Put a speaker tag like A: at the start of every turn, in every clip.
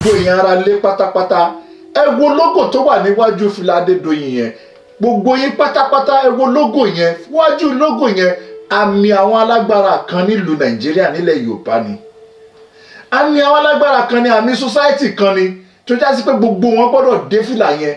A: gbogbo èèyàn ara lé pátápátá ẹ wo lógò tó wà níwájú fìlà Adédoyin yẹn gbogbo yín pátápátá ẹ wo lógò yẹn wájú lógò yẹn àmì àwọn alágbára kan nílùú Nàìjíríà nílẹ̀ Yorùbá ni àmì àwọn alágbára kan ni àmì society kan ni tó já sí pé gbogbo wọn gbọ́dọ̀ dé fìlà yẹn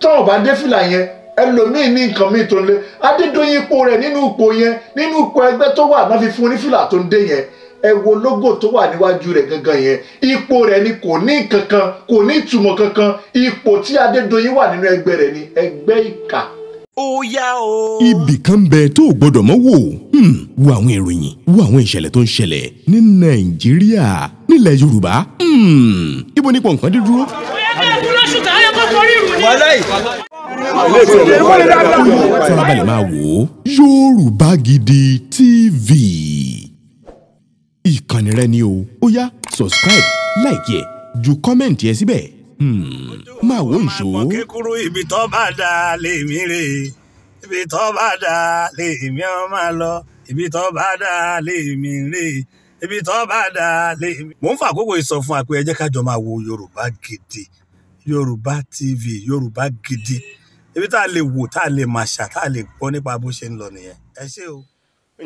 A: tán ò bá dé fìlà yẹn ẹlòmíín ní nǹkan míì tó ń lé Adédoyin ipò rẹ̀ nínú ipò yẹn nínú ipò ẹgbẹ́ tó wà náà fi fún onífìlà tó ń dé yẹn ẹ wo lógò tó wà níwájú rẹ̀ gangan yẹn ipò rẹ̀ ni kò ní kankan kò ní ìtumọ̀ kankan ipò tí Adédoyin wà nínú ẹgbẹ́ rẹ̀ ni ẹgbẹ́ ìkà.
B: ó yá o. ibì kan bẹ tó o gbọ́dọ̀ mọ̀ wò hmm, wo àwọn ìròyìn wo àwọn ìṣẹ̀lẹ̀ tó ń ṣẹlẹ̀ ní Nàìjíríà nílẹ̀ Yorùbá hmm, ibo nípa nǹkan dé dúró. ó yẹ
C: kí ẹ dúró ṣùgbọ́n ayọ́kọ́ kọrí ìrù ni. wàhálà yìí
B: farabalẹ̀ máa wò ó Yorùbá Gidi TV ìkànnì rẹ ni o ó yá subscribe like ẹ ju comment ẹ síbẹ̀ hmm, máa wo ìṣó. máa pọ̀
C: kíkúrú ibi tó bá dà lèmi rè ibi tó bá dà lèmi ọ máa lọ ibi tó bá dà lèmi rè ibi tó bá dà lèmi. mo ń fa àkókò ìsọfún àpé ẹ jẹ́ máa wo Yorùbá Gidi Yorùbá TV Yorùbá Gidi ibi tá a lè wò tá a lè màṣà tá a lè gbọ́ nípa bó ṣe ń lọ nìyẹn
B: ẹ ṣé o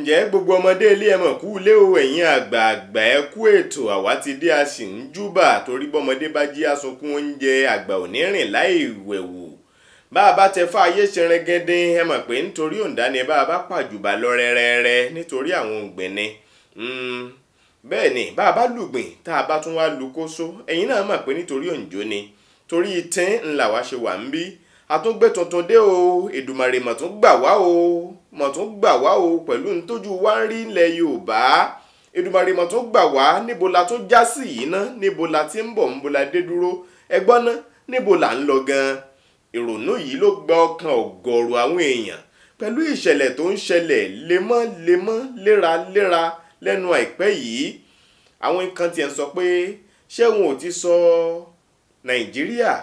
B: ǹjẹ́ gbogbo ọmọdé ilé ẹ̀mọ̀ kú ilé o ẹ̀yin àgbààgbà ẹ kú ètò àwa ti dé a sì ń júbà torí bọ́mọdé bá jí asunkún oúnjẹ àgbà ò ní rìn láì wẹ̀wù bá a bá tẹ fún ayé ṣerengedin ẹ mọ̀ pé nítorí òǹdá ni bá a bá pàjùbà lọ rẹ́rẹ́rẹ́ nítorí àwọn òǹgbìn ni hmm, bẹ́ẹ̀ ni bá a bá lùgbìn tá a bá tún wá lu kóso ẹ̀yin náà mọ̀ pé nítorí òǹjó ni torí itin ńlá wa ṣe wà ń bí àtúngbé tuntun dé o èdùmàrè mọ̀ tún gbà wá o mọ̀ tún gbà wá o pẹ̀lú ntójú wá ń rí ilẹ̀ yorùbá èdùmàrè mọ̀ tún gbà wá níbo la tún já sí yìí ná níbo la ti ń bọ̀ níbo la dé dúró ẹgbọ́n ná níbo là ń lọ gan ìrònú yìí ló gba ọkàn ọ̀gọ̀ọ̀rọ̀ àwọn èèyàn pẹ̀lú ìṣẹ̀lẹ̀ tó ń ṣẹlẹ̀ lemọ́lemọ́ léraléra lẹ́nu àìpẹ́ yìí àwọn kan tiẹ̀ sọ pé ṣé wọn ò ti sọ nàìjíríà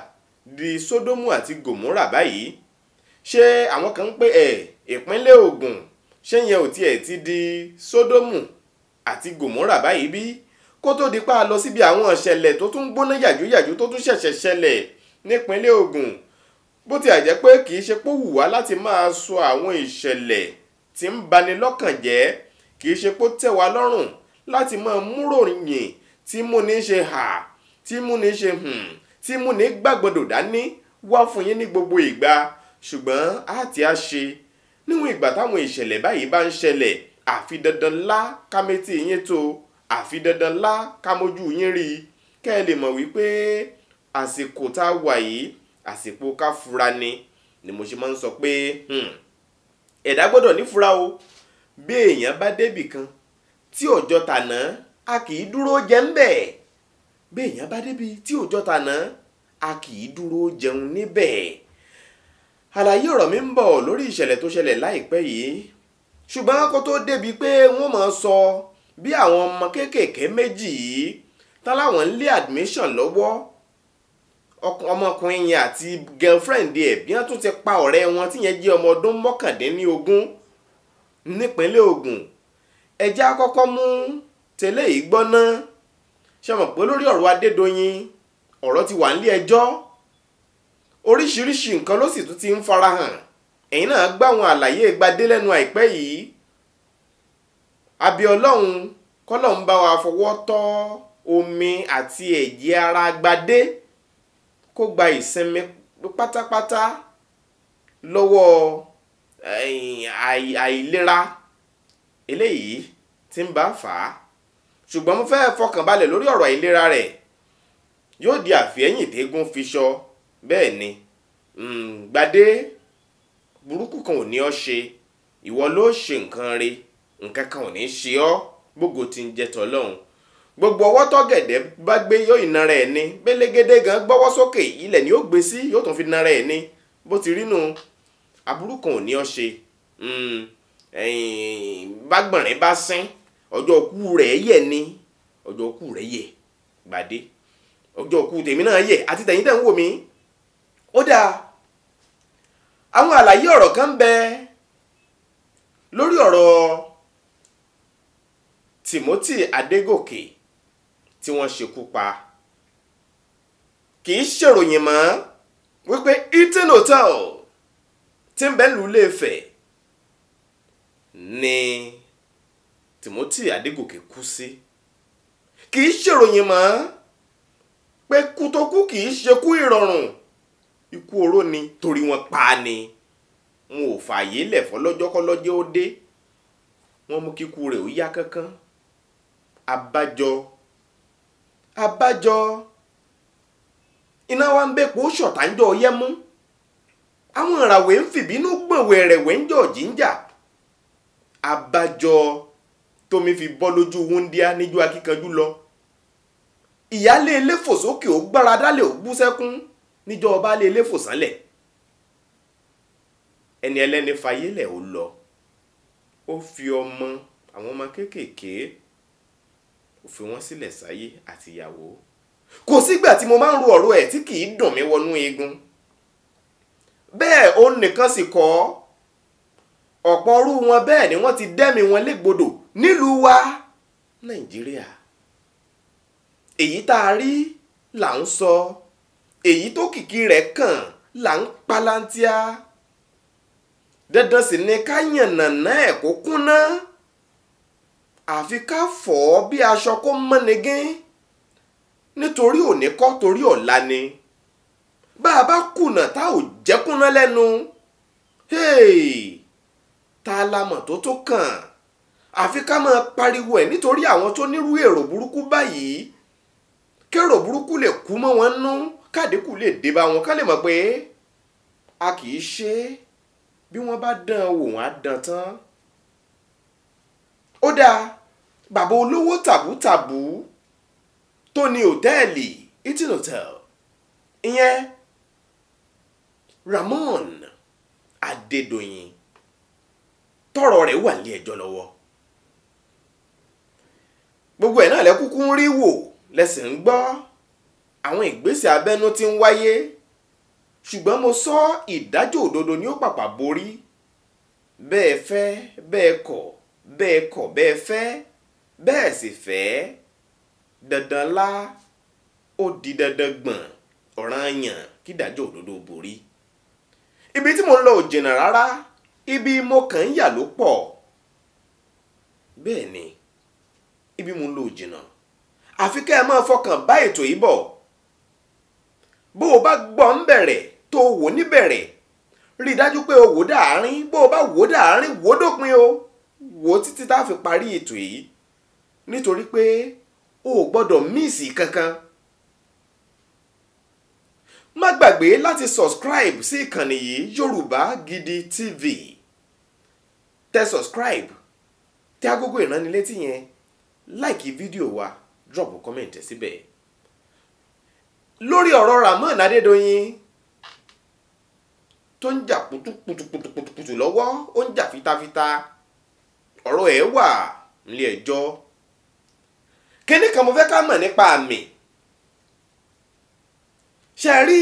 B: di Sódómù àti Gòmórà báyìí ṣé àwọn kan ń pè ẹ̀ ìpínlẹ̀ Ògùn ṣé yẹn ò tiẹ̀ ti di Sódómù àti Gòmórà báyìí bí kó tó di pa lọ síbi àwọn ìṣẹ̀lẹ̀ tó tún gbóná yàjóyàjó tó tún ṣẹ̀ṣẹ̀ ṣẹlẹ̀ nípínlẹ̀ Ògùn bó ti àjẹ́ pé kì í ṣe pé wù wá láti máa sọ àwọn ìṣẹ̀lẹ̀ tí ń bani lọ́kàn jẹ́ kì í ṣe pé tẹ́ wa lọ́rùn láti máa múròyìn tí múni ṣe hà tí múni ṣe hùn. Hmm tí múni gbàgbọ́dò dání wá fún yín ní gbogbo ìgbà ṣùgbọ́n a ti á ṣe níwọ̀n ìgbà táwọn ìṣẹ̀lẹ̀ báyìí bá ń ṣẹlẹ̀ àfi dandan lá ká métí yín tó àfi dandan lá ká mójú yín rí i kẹ́ ẹ lè mọ̀ wípé àsìkò tá a wà yìí àsìkò ká fura ni ni mo ṣe máa ń sọ pé hmm, ẹ̀dá gbọ́dọ̀ nífura o bí èèyàn bá débì kan tí ọjọ́ tàná a kì í dúró jẹ́ ń bẹ̀ẹ́ béèyàn bá débi tí òjọ́ ta náà a kì í dúró jẹun níbẹ̀ àlàyé ọ̀rọ̀ mi ń bọ̀ lórí ìṣẹ̀lẹ̀ tó ṣẹlẹ̀ láìpẹ́ yìí ṣùgbọ́n kó tó débi pé wọ́n máa sọ bí àwọn ọmọ kéékèèké méjì yìí tán ń lé admission lọ́wọ́ ọmọkùnrin yẹn àti girlfriend ẹ̀ bí wọ́n tún ti pa ọ̀rẹ́ wọn tíyẹn jẹ́ ọmọ ọdún mọ́kàndínlógún nípínlẹ̀ Ògùn ẹ̀já kọ́kọ́ mú tẹ́lẹ̀ yìí gbọ́ náà ṣe mọ̀ pé lórí ọ̀rọ̀ Adédoyin ọ̀rọ̀ ti wà nílé ẹjọ́ oríṣiríṣi nǹkan ló sì tún ti ń farahàn ẹ̀yin náà gbá àwọn àlàyé gbadé lẹ́nu àìpẹ́ yìí àbí ọlọ́run kọ́lọ́run bá wa fọwọ́ tọ́ omi àti ẹ̀jẹ̀ ara gbadé kó gba ìsinmi pátápátá lọ́wọ́ àìlera eléyìí tí ń bá fà á. ṣùgbọ́n mo fẹ́ lori lórí ọ̀rọ̀ re rẹ̀ yóò di àfihẹ́yìn tégún fi so bẹ́ẹ̀ ni hmm, gbadé burúkú kan ò ní ọ ṣe ìwọ ló ṣe nǹkan re nǹkan kan ò ní ṣe ọ gbogbo ń jẹ gbogbo ọwọ́ bá gbé yóò iná rẹ̀ ni gbélégédé gan gbọ́wọ́ sókè ilẹ̀ ni ó gbé sí yóò tún fi iná rẹ̀ nu aburú kan ò ní ọ ṣe hmm, ọjọ́ kú rẹ̀ yẹ̀ ni ọjọ́ kú rẹ̀ yẹ̀ gbàdé ọjọ́ kú tèmi náà yẹ̀ àti tẹ̀yìn tẹ̀ ń wò mí ó dáa àwọn àlàyé ọ̀rọ̀ kan bẹ lórí ọ̀rọ̀ Timothy Adegoke, tí wọ́n ṣekú pa kì í ṣèròyìn mọ́ wípé Hilton hotel tí ń bẹ lù Ilé-Ifẹ̀ ni. Nee Timothy Adégòkè kú sí kì í ṣèròyìn mọ́ pé kú tó kú kì í ṣe kú ìrọ̀rùn ikú oró ni torí wọn pa á ni n ò fààyè lẹ̀ fọlọ́jọ́kọ́lọ́jọ́ ó dé wọ́n mú kíkú rẹ̀ ó yá kánkán abájọ abájọ iná wa ń bẹ pé ó ṣọ̀tàǹjọ ọyẹ́ mú àwọn ìràwé ń fìbínú gbọ̀nwẹ̀ rẹ̀ wẹ́ jíjà abájọ. tómi fi bọ́ lójú wúndíá níjú akíkanjú lọ ìyáálé ilé fò sókè ó gbára dálé ó bú sẹ́kún níjọ́ ọbaálé ilé fò sánlẹ̀ ẹni ẹlẹ́ni fayélẹ̀ ó lọ ó fi ọmọ àwọn ọmọ kéékèèké ó fi wọ́n sílẹ̀ sáyé àtìyàwó kò sígbà tí mo máa ń ro ọ̀rọ̀ ẹ̀ tí kì í dùn mí wọnú eegun bẹ́ẹ̀ òun nìkan sì kọ́ ọ́ ọ̀pọ̀ ọrú wọn bẹ́ẹ̀ ni wọ́n ti dẹ́mi wọn légbodò nílùú wa nàìjíríà èyí tá a rí là ń sọ èyí tó kìkì rẹ̀ kàn là ń palantia dandan sì ni ká yànnàná ẹ̀ kó kúnná àfi ká fọ̀ ọ́ bí aṣọ kó mọ́nigín nítorí òní kọ́ torí ọ̀la ni bá a bá kùnà tá ò jẹ́kúnná lẹ́nu. Hey! ta la mọ̀ tó tó kàn àfi ká máa pariwo ẹ̀ nítorí àwọn tó nírú èrò burúkú báyìí kérò burúkú lè kú mọ́ wọn nú kádìkù lè dé bá wọn ká lè mọ̀ pé a kì í ṣe bí wọ́n bá dán wò wọ́n á dán tán. ó dáa bàbá olówó tàbútàbú tó ní òtẹ́ẹ̀lì eaton hotel ìyẹn Ramon Adédoyin tọ̀rọ̀ rẹ̀ wà lé ẹjọ́ lọ́wọ́ gbogbo ẹ̀ náà lẹ́kúkú ń rí wò lẹ́sìn ń gbọ́ àwọn ìgbésẹ̀ abẹ́nú ti ń wáyé ṣùgbọ́n mo sọ ìdájọ́ òdodo ni ó pàpà borí bẹ́ẹ̀ fẹ́ bẹ́ẹ̀ kọ̀ bẹ́ẹ̀ kọ̀ bẹ́ẹ̀ fẹ́ bẹ́ẹ̀ sì fẹ́ dandan lá ó di dandan gbọ̀n ọ̀ranyàn kí ìdájọ́ òdodo borí ibi tí mo ń lọ ò jìnnà rárá ibi mo kàn ń yà ló pọ̀ bẹ́ẹ̀ ni ibi mo ń lò jìnnà àfi kẹ́ ẹ máa fọkàn bá ètò yìí bọ̀ bó o bá gbọ́ ń bẹ̀rẹ̀ tó o wò níbẹ̀rẹ̀ rí i dájú pé o wò dàárín bó o bá wò dàárín wò dópin o wò títí tá a fi parí ètò yìí nítorí pé o ò gbọ́dọ̀ míìsì kankan má gbàgbé láti subscribe sí ìkànnì yìí Yorùbá Gidi TV. te subscribe te agogo ìránnilétí yen like vidio wa drop comment síbẹ̀ lórí ọ̀rọ̀ Rahmon Adédoyin tó ń jà kùtùkùtùkùtùkùtù lọ́wọ́ ó ń jà fitafita ọ̀rọ̀ ẹ̀ wà nílé ẹjọ́ kíní kan mo fẹ́ ká mọ̀ nípa àmì ṣe rí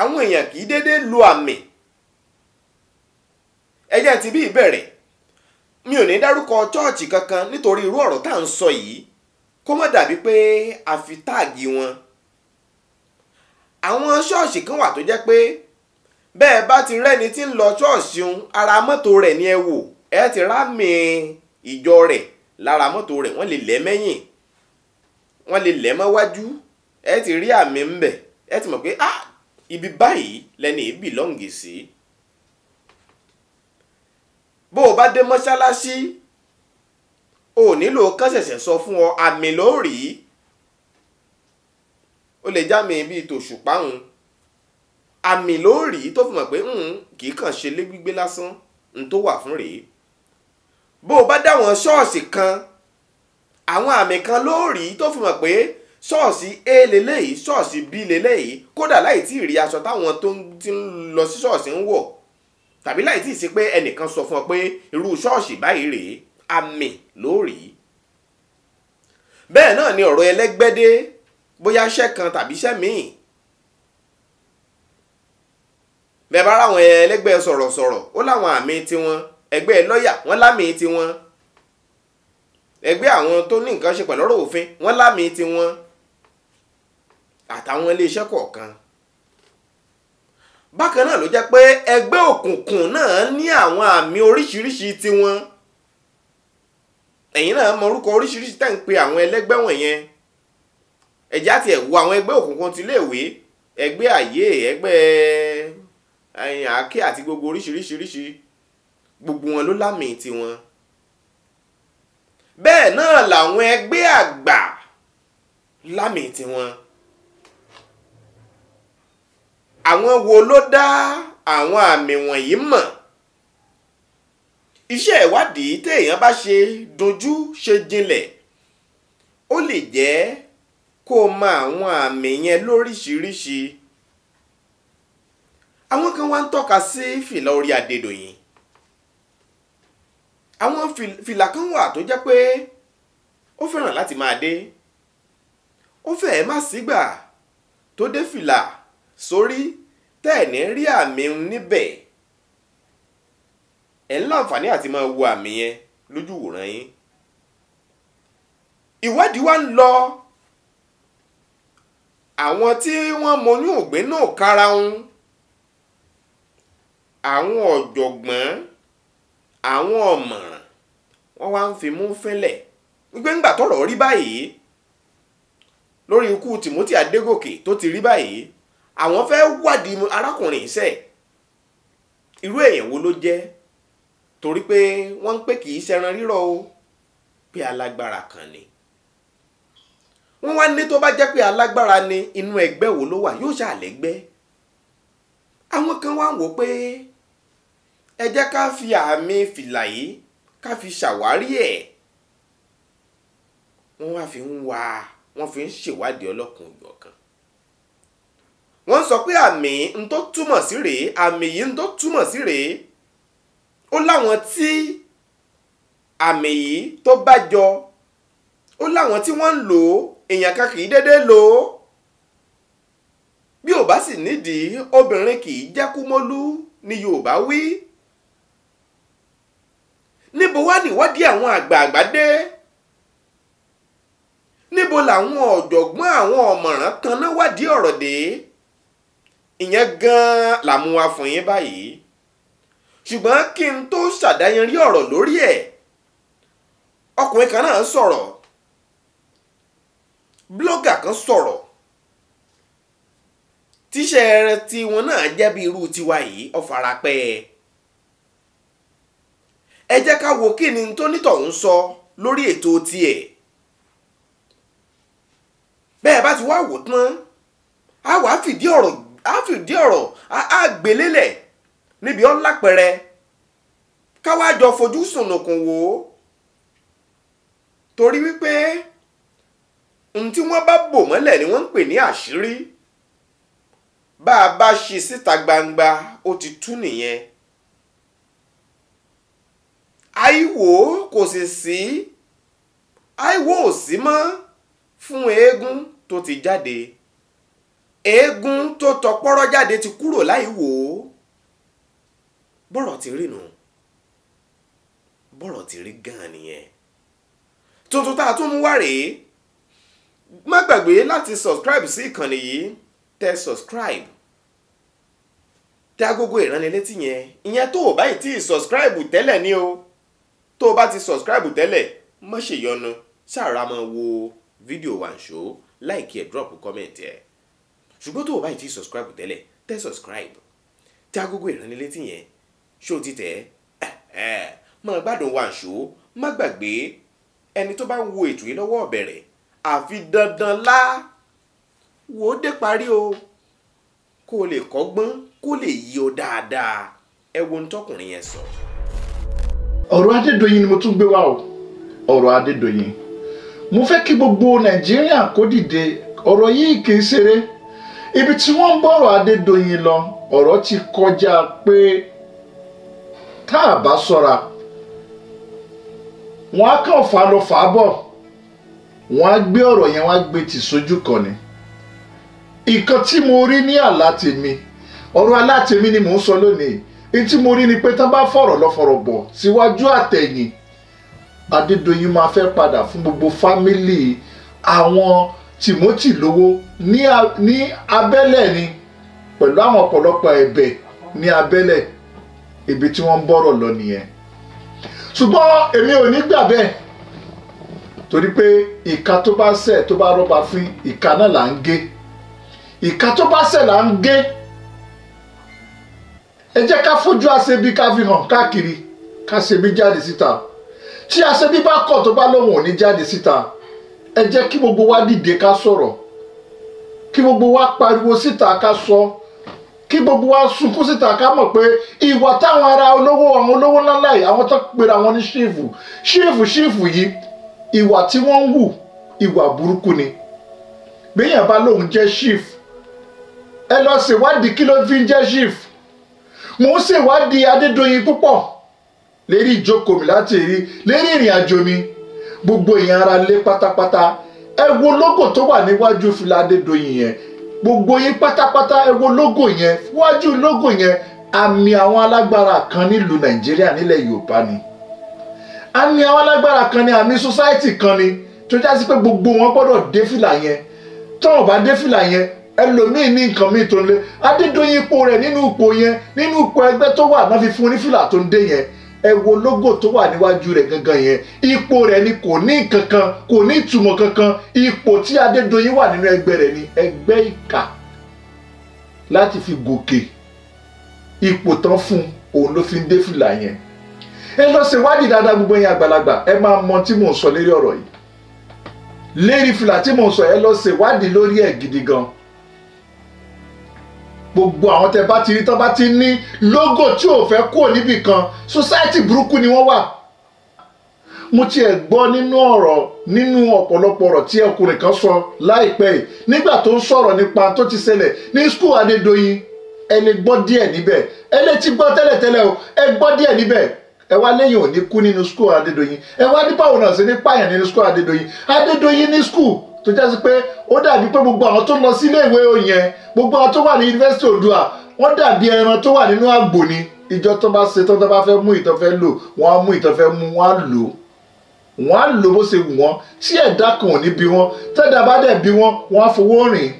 B: àwọn èèyàn kì í déédéé lo àmì ẹjẹ́ ti bí ìbẹ̀rẹ̀ mi ò ní dárúkọ chọ́ọ̀chì kankan nítorí irú ọ̀rọ̀ tá à ń sọ yìí kó má dàbí pé a fi táàgì wọn àwọn ṣọ́ọ̀ṣì kan wà tó jẹ́ pé bẹ́ẹ̀ bá ti rẹ́ni tí ń lọ ṣọ́ọ̀ṣì ń ara mọ́tò rẹ̀ ni ẹ wò ẹ ti rámì ìjọ rẹ̀ lára mọ́tò rẹ̀ wọ́n lè lẹ́ mẹ́yìn wọ́n lè lẹ́ mọ́wájú ẹ ti rí àmì ńbẹ̀ ẹ ti mọ̀ pé ah ibi báyìí lẹ́ni ìbí lọ́ǹgì sí. Si bó o bá dé mọ́ṣáláṣí o nílò kásẹ̀sẹ̀ sọ fún ọ àmì ló rí o lè jámi bíi tòṣùpáhùn àmì ló rí tó fi mọ̀ pé kì í kàn ṣe lé gbígbé lásán n tó wà fún rèé bó o bá dáwọn ṣọ́ọ̀ṣì kan àwọn àmì kan ló rí tó fi mọ̀ pé ṣọ́ọ̀ṣì a lélẹ́yìí ṣọ́ọ̀ṣì b lélẹ́yìí kódà láì tí ì rí aṣọ táwọn tó ti ń lọ sí ṣọ́ọ̀ṣì ń wọ̀ tàbí láì tí ì ṣe pé ẹnìkan sọ fún ọ pé irú ṣọ́ọ̀ṣì báyìí rèé àmì ló rí bẹ́ẹ̀ náà ni ọ̀rọ̀ ẹlẹ́gbẹ́dé bóyá iṣẹ́ kan tàbí iṣẹ́ míì bẹ́ẹ̀ bá ráwọn ẹlẹ́gbẹ́ sọ̀rọ̀sọ̀rọ̀ ó láwọn àmì tiwọn ẹgbẹ́ lọ́ọ̀yà wọ́n lámì tiwọn ẹgbẹ́ àwọn tó ní nǹkan ṣe pẹ̀lú ọ̀rọ̀ òfin wọ́n lámì tiwọn àtàwọn iléeṣẹ́ kọ̀ọ̀kan bákan náà ló jẹ́ pé ẹgbẹ́ òkùnkùn náà ní àwọn àmì oríṣiríṣi tiwọn ẹ̀yin náà mọ orúkọ oríṣiríṣi tẹ̀ ń pe àwọn ẹlẹ́gbẹ́ wọ̀nyẹn ẹ̀já tiẹ̀ wo àwọn ẹgbẹ́ òkùnkùn ti léèwé ẹgbẹ́ àyè ẹgbẹ́ àáké àti gbogbo oríṣiríṣiríṣi gbogbo wọn ló lámì tiwọn bẹ́ẹ̀ náà làwọn ẹgbẹ́ àgbà lámì tiwọn àwọn wo ló dá àwọn àmì wọ̀nyí mọ̀ iṣẹ́ ìwádìí téèyàn bá ṣe dunjú ṣe jinlẹ̀ ó lè jẹ́ kó o mọ àwọn àmì yẹn lóríṣiríṣi àwọn kan wá ń tọ́ka sí fìlà orí Adédọ̀yìn àwọn fìlà kan wà tó jẹ́ pé ó fẹ́ràn láti máa dé ó fẹ́ẹ̀ má sígbà tó dé fìlà sórí tẹ́ ẹ̀ ní rí àmì níbẹ̀ ẹ̀ ń láǹfààní àti máa wo àmì yẹn lójú wòran yín ìwádìí wa ń lọ àwọn tí wọ́n mọyún ògbín náà kára ń àwọn ọ̀jọ̀gbọ́n àwọn ọ̀mọ̀ràn wọ́n wá ń fimú fínlẹ̀ wípé ńgbà tọ́rọ̀ rí báyìí lórí ikú Timothy Adégòkè tó ti rí báyìí àwọn fẹ́ wádìí arákùnrin yìí sẹ́ẹ̀ irú èèyàn wo ló jẹ́ torí pé wọ́n ń pè kì í ṣẹran rírọ̀ o pé alágbára kan ni wọ́n wá ní tó bá jẹ́ pé alágbára ni inú ẹgbẹ́ wo ló wà yóò ṣàlẹ́gbẹ́ àwọn kan wá wò pé ẹ jẹ́ ká fi àmì fìlà yìí ká fi ṣàwárí ẹ̀ wọ́n wá fi ń wá wọ́n fi ń ṣèwádìí ọlọ́kùnjọ́ wọ́n sọ pé àmì ń tó túmọ̀ sí rèé àmì yìí ń tó túmọ̀ sí rèé ó láwọn tí àmì yìí tó bá jọ ó láwọn tí wọ́n ń lò ó èèyàn kan kì í déédéé lò ó bí ò bá sì nídìí obìnrin kì í jẹ́ kúmọ́lú ni Yorùbá wí níbo wá níwádìí àwọn àgbààgbà dé níbo làwọn ọ̀jọ̀gbọ́n àwọn ọ̀mọ̀ràn kan náà wádìí ọ̀rọ̀ dé ìyẹn gan-an làmúwa fún yín báyìí ṣùgbọ́n kí n tó ṣàdáyanrí ọ̀rọ̀ lórí ẹ̀ ọkùnrin kan náà sọ̀rọ̀ blọ́gà kan sọ̀rọ̀ tíṣẹ́ tiwọn náà jẹ́ bí irú tiwa yìí ọ̀farapẹ́ ẹ jẹ́ ká wo kí ni tó nítọ̀hún sọ lórí ètò tiẹ̀ bẹ́ẹ̀ bá ti wá wò tán a wàá fìdí ọ̀rọ̀ a fìdí ọ̀rọ̀ á gbélélẹ̀ níbi ọ̀làpẹ̀rẹ̀ káwá jọ fojú sùnùkùn wò ó torí wípé ohun tí wọ́n bá bò mọ́lẹ̀ ni wọ́n ń pè ní àṣírí bá a bá ṣe síta gbangba ó ti tú nìyẹn àìwò kò sì sí àìwò ò sí mọ́ fún eégún tó ti jáde eégún tó tọpọ́rọ́ jáde ti kúrò láì wò ó bọ́rọ̀ ti rí nù bọ́rọ̀ ti rí gan-an nìyẹn tuntun tá a tún mú wá rèé má gbàgbé láti subscribe sí ìkànnì yìí tẹ subscribe tẹ agogo ìránnilétí yẹn ìyẹn tó o báyìí tí subscribe tẹ́lẹ̀ ni o tó o bá ti subscribe tẹ́lẹ̀ má ṣèyọnu ṣàrà máa wo fídíò wa ń ṣó láìkí ẹ̀ drop comment ẹ̀ ṣùgbọ́n tó o bá ì subscribe tẹ́lẹ̀ tẹ́ subscribe tí agogo ìránnilétí yẹn ṣó ti tẹ̀ ẹ́ máa gbádùn wa ṣó má gbàgbé ẹni tó bá ń wo ètò yìí lọ́wọ́ ọ̀bẹ̀rẹ̀ àfi dandan lá wò ó dé parí o kó o lè kọ́gbọ́n kó lè yí o dáadáa ẹ wo ohun tọkùnrin yẹn sọ. ọ̀rọ̀ Adédoyin ni mo tún gbé wá o ọ̀rọ̀
A: Adédoyin mo fẹ́ kí gbogbo Nàìjíríà kó dìde ọ̀rọ̀ yìí kì í ṣeré ibi tí wọ́n ń bọ̀rọ̀ Adédoyin lọ ọ̀rọ̀ ti kọjá pé tá a bá ṣọ́ra wọ́n á kàn fà lọ fà á bọ̀ wọ́n á gbé ọ̀rọ̀ yẹn wọ́n gbé tì sójú kan ni ìkan tí mo rí ní àlá tèmi ọ̀rọ̀ àlá tèmi ni mò ń sọ lónìí èyí tí mo rí ni pé tán bá fọ̀rọ̀ lọ fọ̀rọ̀ bọ̀ síwájú àtẹ̀yìn Adédoyin máa fẹ́ padà fún gbogbo fámìlì àwọn Timothy lówó ní abẹ́lẹ̀ ni pẹ̀lú àwọn ọ̀pọ̀lọpọ̀ ẹ̀bẹ̀ ní abẹ́lẹ̀ ibi tí wọ́n ń bọ̀rọ̀ lọ nìyẹn ṣùgbọ́n èmi ò ní gbà bẹ́ẹ̀ torí pé ìka tó bá ṣẹ̀ tó bá rọ́bà fín ìka náà là ń gé ìka tó bá ṣẹ̀ là ń gé ẹ jẹ́ ká fojú aṣebi ká fi hàn káàkiri ká ṣebi jáde síta tí aṣebi bá kọ̀ tó bá lóun ò ní jáde síta ẹ jẹ́ kí gbogbo wa dìde ká sọ̀rọ̀ kí gbogbo wa pariwo síta ká sọ kí gbogbo wa sunkún síta ká mọ̀ pé ìwà táwọn ará olówó àwọn olówó ńláńlá yìí àwọn tó pera wọn ní ṣífù ṣífù ṣífù yìí ìwà tí wọ́n ń hù ìwà burúkú ni gbéyàn bá lóun jẹ́ chief ẹ lọ ṣèwádìí kí ló fi ń jẹ́ chief mò ń ṣèwádìí Adédoyin púpọ̀ lérí ìjókòó mi láti rí lérí ìrìn àjò mi gbogbo èèyàn ara lé pátápátá ẹ wo logo tó wà níwájú fìlà Adédoyin yẹn gbogbo yín pátápátá ẹ wo logo yẹn wájú logo yẹn àmì àwọn alágbára kan nílùú Nàìjíríà nílẹ̀ Yorùbá ni àmì àwọn alágbára kan ni àmì society kan ni tó já sí pé gbogbo wọn gbọ́dọ̀ dé fìlà yẹn tó wọn bá dé fìlà yẹn ẹlòmíín ní nǹkan míín tó ń lé Adédoyin ipò rẹ̀ nínú ipò yẹn nínú ipò ẹgbẹ́ tó wà náà fi fún onífìlà tó ń dé yẹn ẹ wo lógò tó wà níwájú rẹ̀ gangan yẹn ipò rẹ̀ ni kò ní kankan kò ní ìtumọ̀ kankan ipò tí Adédoyin wà nínú ẹgbẹ́ rẹ̀ ni ẹgbẹ́ ìkà láti fi gòkè ipò tán fún òun ló fi ń dé fìlà yẹn ẹ lọ ṣèwádìí dáadáa gbogbo yẹn àgbàlagbà ẹ máa mọ tí mò ń sọ lérí ọ̀rọ̀ yìí lérí fìlà tí mò ń sọ ẹ lọ ṣèwádìí lórí ẹ̀ gidi gan gbogbo àwọn tẹ bá ti rí tán bá ti ní lógò tí ò fẹ́ kúrò níbì kan society burúkú ni wọ́n wà. mo tiẹ̀ gbọ́ nínú ọ̀rọ̀ nínú ọ̀pọ̀lọpọ̀ ọ̀rọ̀ tí ọkùnrin kan sọ láìpẹ́ yìí nígbà tó ń sọ̀rọ̀ nípa tó ti ṣẹlẹ̀ ní skul adédoyin ẹ lè gbọ́ díẹ̀ níbẹ̀ ẹ lè gbọ́ tẹ́lẹ̀tẹ́lẹ̀ o ẹ gbọ́ díẹ̀ níbẹ̀ ẹ wá lẹ́yìn òní kú nínú skul adédoyin ẹ wá ní báwo náà ṣe ní pààyàn nínú skul adédoyin adédoyin ní skul tó jásí pé ó dàbí pé gbogbo àwọn tó lọ sí iléèwé yẹn gbogbo àwọn tó wà ní yunifásitì Oòduà wọ́n dàbí ẹran tó wà nínú àgbò ni ìjọ tó bá ṣe tó bá fẹ́ mú ìtọ́ fẹ́ lò wọ́n á mú ìtọ́ fẹ́ mú wọ́n á lò wọ́n á lò bó ṣe wù wọ́n tí ẹ̀dá kan ò ní bí wọ́n tẹ́dá bá dẹ̀ bí wọ́n wọ́n á fowó rìn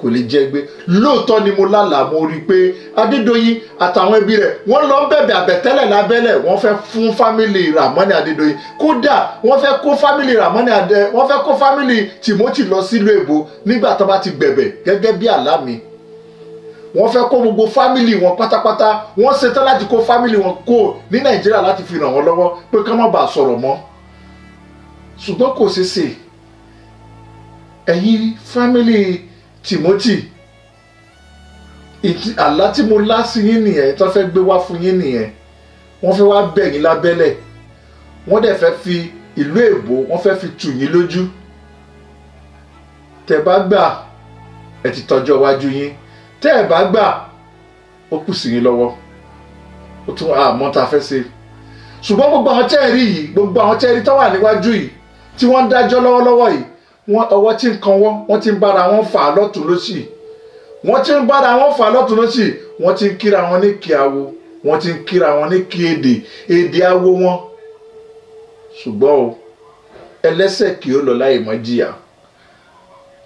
A: kò lè jẹ́ gbé lóòótọ́ ni mo lálàá mo rí i pé Adédoyin àtàwọn ẹbí rẹ̀ wọ́n lọ bẹ̀bẹ̀ àbẹ̀tẹ́lẹ̀ lábẹ́lẹ̀ wọ́n fẹ́ fún fámìlì Ramoni Adédoyin kódà wọ́n fẹ́ kó fámìlì Ramoni Adé wọ́n fẹ́ kó fámìlì Timothy lọ sílùú èbó nígbà tó bá ti gbẹ̀bẹ̀ gẹ́gẹ́ bí àlá mi wọ́n fẹ́ kó gbogbo fámìlì wọn pátápátá wọ́n ṣetán láti kó fámìlì wọn kó ní Nàìjíríà láti fi ràn wọ́n lọ́wọ́ pé ká má bàa sọ̀rọ̀ mọ́ ṣùgbọ́n kò ṣeé ẹ̀yin fámìlì Timothy àlá tí mo lá sí yín nìyẹn tó fẹ́ gbé wá fún yín nìyẹn wọ́n fẹ́ wá bẹ̀ yín lábẹ́lẹ̀ wọ́n dẹ̀ fẹ́ fi ìlú èbó wọ́n fẹ́ fi tù yín lójú tẹ́ bá gbà ẹ ti tọ́jú ọwájú yín tẹ́ ẹ bá gbà ó kù sí yín lọ́wọ́ ó tún àmọ́ ta fẹ́ ṣe ṣùgbọ́n gbogbo àwọn tẹ́ẹ̀rí yìí gbogbo àwọn tẹ́ẹ̀rí tó wà níwájú yìí tí wọ́n ń dájọ́ lọ́wọ́lọ́wọ́ yìí wọ́n ọwọ́ tí ń kan wọ́n wọ́n ti ń bára wọn fà lọ́tún lọ́sì wọ́n ti ń bára wọn fà lọ́tún lọ́sì wọ́n ti ń kíra wọn ní kí awo wọ́n ti ń kíra wọn ní kí èdè èdè awo wọn ṣùgbọ́n o ẹlẹ́sẹ̀ kì ó lọ láì mọ́ jìyà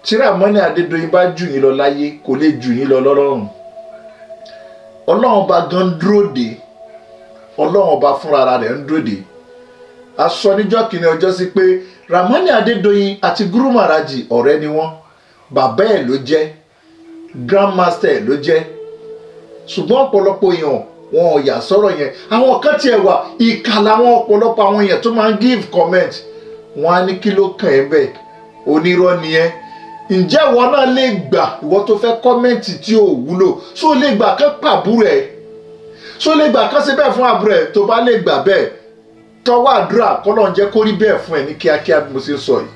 A: tíramọ́ni adédọ́yìn bá jù yín lọ láyé kò lè jù yín lọ lọ́rùn ọlọ́run bá gan dúró dè ọlọ́run bá fúnra rẹ̀ ń dúró dè aṣọ níjọ́ kìíní ọjọ́ sí pé Ramani Adédoyin àti Guru Maraji ọ̀rẹ́ ni wọ́n bàbá ẹ̀ ló jẹ́ grandmaster ẹ̀ ló jẹ́ ṣùgbọ́n ọ̀pọ̀lọpọ̀ èèyàn wọn ò yà sọ̀rọ̀ yẹn àwọn kan tiẹ̀ wà ìkà làwọn ọ̀pọ̀lọpọ̀ àwọn èèyàn tó máa ń give comment wọn á ní kí ló kàn ẹ́ bẹ́ẹ̀ onírọ́ nìyẹn ǹjẹ́ ìwọ náà lè gbà ìwọ tó fẹ́ kọ́mẹ́ǹtì tí ò wúlò ṣó lè gbà kán pàbúrò ẹ̀ ṣó lè gbà kán ṣe bẹ́ẹ̀ fún àbúrò ẹ̀ tó bá lè gbà bẹ́ẹ̀ tọwọ́ àdúrà kọ́lọ́n jẹ́ kó rí bẹ́ẹ̀ fún ẹ ní kíákíá bí mo ṣe sọ yìí